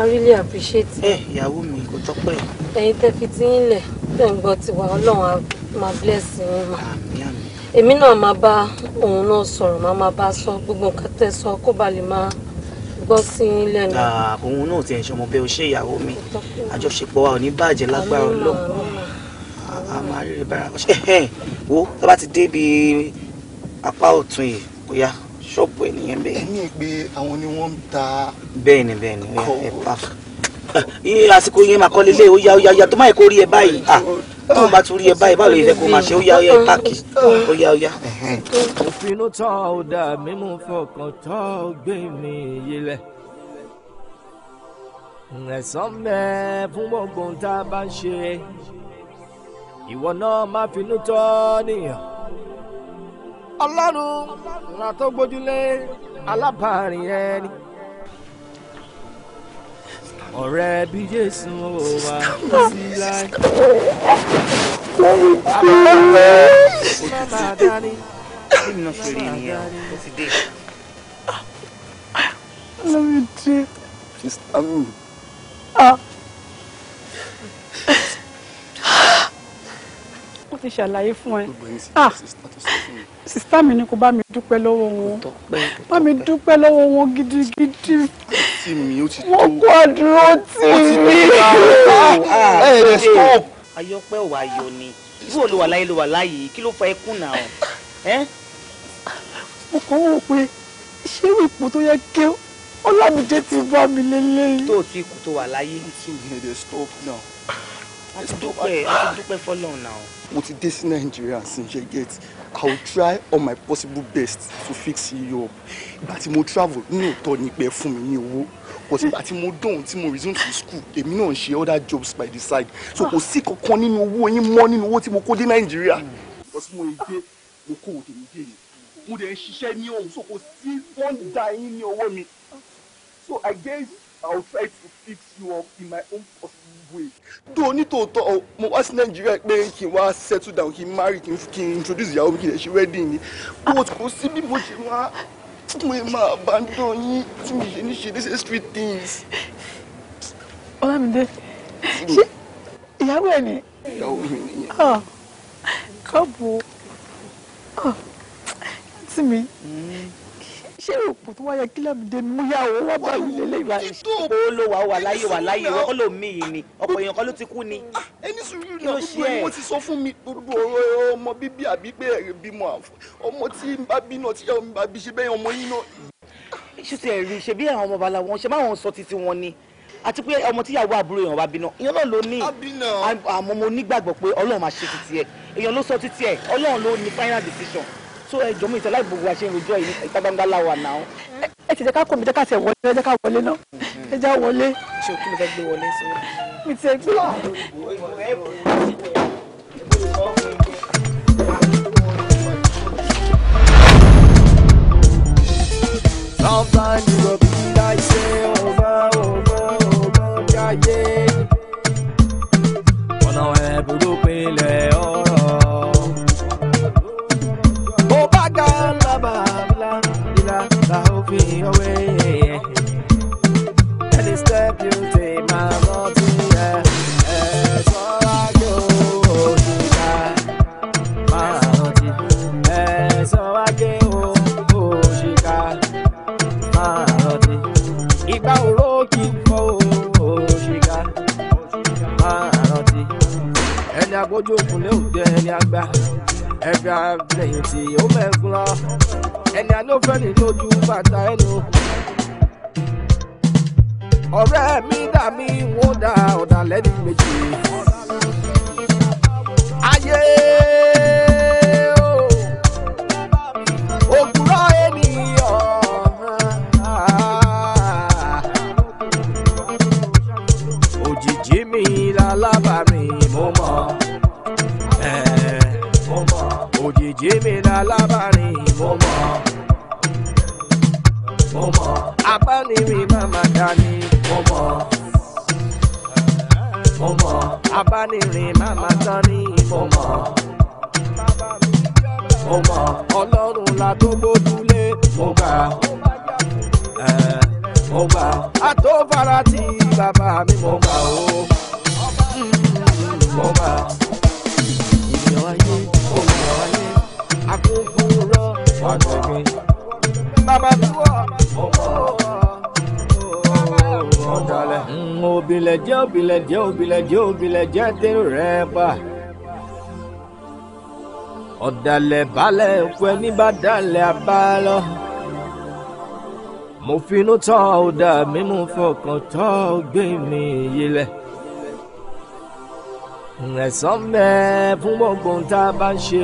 I really appreciate it. Ẹ eh, ìyàwó mi kò tọ́pẹ́. Ẹ̀yin tẹ́ fi ti ń lẹ̀, tẹ̀ ń gbọ́ tiwa Ọlọ́run á máa bless yín mọ̀. Àmín àmín. Èmi náà máa bá òun náà sọ̀rọ̀, máa máa bá sọ gbogbo nǹkan tẹ́ sọ kó ba lè máa gbọ́ sí yín lẹ́nu. Òun náà ti ẹ̀ ṣọmọ bẹ́ẹ̀ o ṣé ìyàwó mi, àjọṣepọ̀ wa ò ní bàjẹ́ lágbára Ọlọ́run. A máa rí rẹ̀ bára. Wo, tó bá ti dé bíi apá ọ̀tún yìí ó yá ṣọ́ọ̀bù ẹ̀ nìyẹn bẹ́ẹ̀. ẹ̀yin pé àwọn ni wọ́n ń ta. bẹ́ẹ̀ ni bẹ́ẹ̀ ni ẹ pa iye àsìkò yẹn máa kọ́lé lé ó yá ó yá ó yá tó máa yẹ kó rí ẹ báyìí tó o bá tún rí ẹ báyìí báwo lè fẹ́ kó máa ṣe ó yá ó yá páàkì ó yá tán ò mímú fọkàn tán gbé mi yẹlẹ ẹ̀san bẹ́ẹ̀ fún gbogbo tá a bá ń ṣe ìwọ náà má finú tán nìyàn ọlọ́run ìrà tó gbójúlé alábàárìn ẹni. ọ̀rẹ́ bí jésù wà sí láì. alábàárìn ojú ti dé èmi náà ṣe rí nìyẹn ó ti dé. me dé. sísá mi. ah. ti ṣàlàyé fún ẹ ah, sista mi ni kò bá mi dúpẹ́ lọ́wọ́ wọn bá mi dúpẹ́ lọ́wọ́ wọn gidigidi wọ́n kó àdúró tì mí. ayọpẹ ò wá yọ ni ìwọ ló wà láyé ló wà láyé kí ló fa ẹkún náà mo kàn wò pé ṣé ipò tó yẹ kí ọlámìdé ti bá mi lélẹ́yìn. tó o ti kú tó wà láyé. a ti dúpẹ́ a ti dúpẹ́ fọlọ́run náà mo ti dé sí nàìjíríà sin ṣe get i will try all my possible best to fix you up ìgbà tí mo travel ní òótọ́ ni pé ẹ fún mi ní owó but ìgbà tí mo dọ̀hún tí mo resume to school èmi náà ń ṣe other jobs by the side so kò sí kankan nínú owó yín mọ́ nínú owó tí mo kó dé nàìjíríà because mo èdè mo kó òde mi dé yìí mo dẹ̀ ṣiṣẹ́ ní ọ̀hún so kò sí wọ́n da yín ní owó mi so i guess i will try to fix you up in my own possible way dó onítòótọ́ mo wá sí nàìjíríà pé kí n wá settle down kí n marry kí n kí n introduce ìyàwó mi kí n lè ṣe wedding ni but kò sí bí mo ṣe wá mo máa bá dán yín tí mi ṣe ní ṣe this street things. Ọlámídé hmm. ṣé ìyàwó ẹ ni. ìyàwó mi nìyẹn. kọ́ọ̀bù tí mi. Hmm ṣé òògùn tó wáyà kílẹ̀ mi dé ni mo yá o wọ́n bá yìí lélẹ̀ ìwà rẹ̀. ó ló wà wà láyé wà láyé wọn kọ́ ló mí yìí ni ọ̀pọ̀ èèyàn kan ló ti kú ni. ẹni sùúrù náà gbogbo ẹni wọ́n ti sọ fún mi gbogbo ọmọ bíbí àbí pé ẹ̀rẹ̀ bímọ ọmọ tí n bá bí náà tí ọmọ bá bí ṣe bẹ́ẹ̀ ọmọ yín náà. ṣé ti ẹ̀rí ṣe bí àwọn ọmọ bala wọn ṣe báwọn sọ títí wọn ni àti pé ọmọ tíyàwó àbúrò èèyàn bá bínú èèyàn náà ló ní àmọ́ mo nígbàgbọ́ pé Ọlọ́run máa ṣe títí ẹ̀ èèyàn ló sọ títí ẹ̀ Ọlọ́run ló ní final decision so ẹ jọ̀ọ́ mú ìtẹ́lá ìbòbò àṣẹ ìròjọ́ yìí ìta gbangba la wà náà. ẹ ti jẹ́ ká kó mi jẹ́ ká tẹ̀ wọlé ẹ jẹ́ ká wọlé náà ẹ já wọlé. ṣé o kí ló fẹ́ gbé wọlé sí i. mi ti ẹ gbé wà. Sometimes you go be like say over over over yeah yeah. Ọ̀nà ẹ̀bùrú pinlẹ̀ ọ́. be your way. And it's the beauty, my love. Ìgbà òró kì í fọ́ òṣìkà máa rántí. Ẹni agbójú òkun lé òde ẹni àgbà. Ẹ̀fẹ̀ àbẹ̀yìntì ó mẹ́gun lọ ẹni àlófẹ́ni lójú bàtà ẹnu. ọ̀rẹ́ mi dà mí wọ́n dà ọ̀dàlẹ́ ní méjì. ayé òkúrọ̀ ènìyàn. òjijì mi lálábàámi mo mọ̀. òjijì mi lálábàámi. Mama, Mama. Abani mama dani. Mama, Mama. Abani mama dani. Mama, Mama. Ọlọ́run la tó gbójúlé. Mama, Mama. Eh. Àtòfara ti bàbá mi. Mama o. Mama. Ìyọ̀ ayé, ìyọ̀ ayé, akúnfún ọ̀dẹ̀gbin. bàbá mi wọ̀ ọ̀dàlẹ̀. òbílẹ̀ jẹ́ òbílẹ̀ jẹ́ òbílẹ̀ jẹ́ òbílẹ̀ jẹ́ tẹ́rù rẹ̀ bá. ọ̀dàlẹ̀ balẹ̀ òkú ẹni bá dalẹ̀ abá mo finú tọ́ ọ̀dà mi fọkàn tọ́ gbé mi yẹlẹ̀ ẹ̀san bẹ́ẹ̀ fún gbogbo tá a bá ń ṣe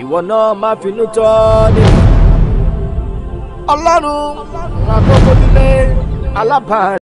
ìwọ náà má finú tọ́ ni. ọlọ́run àkókò nílé alábàárẹ̀.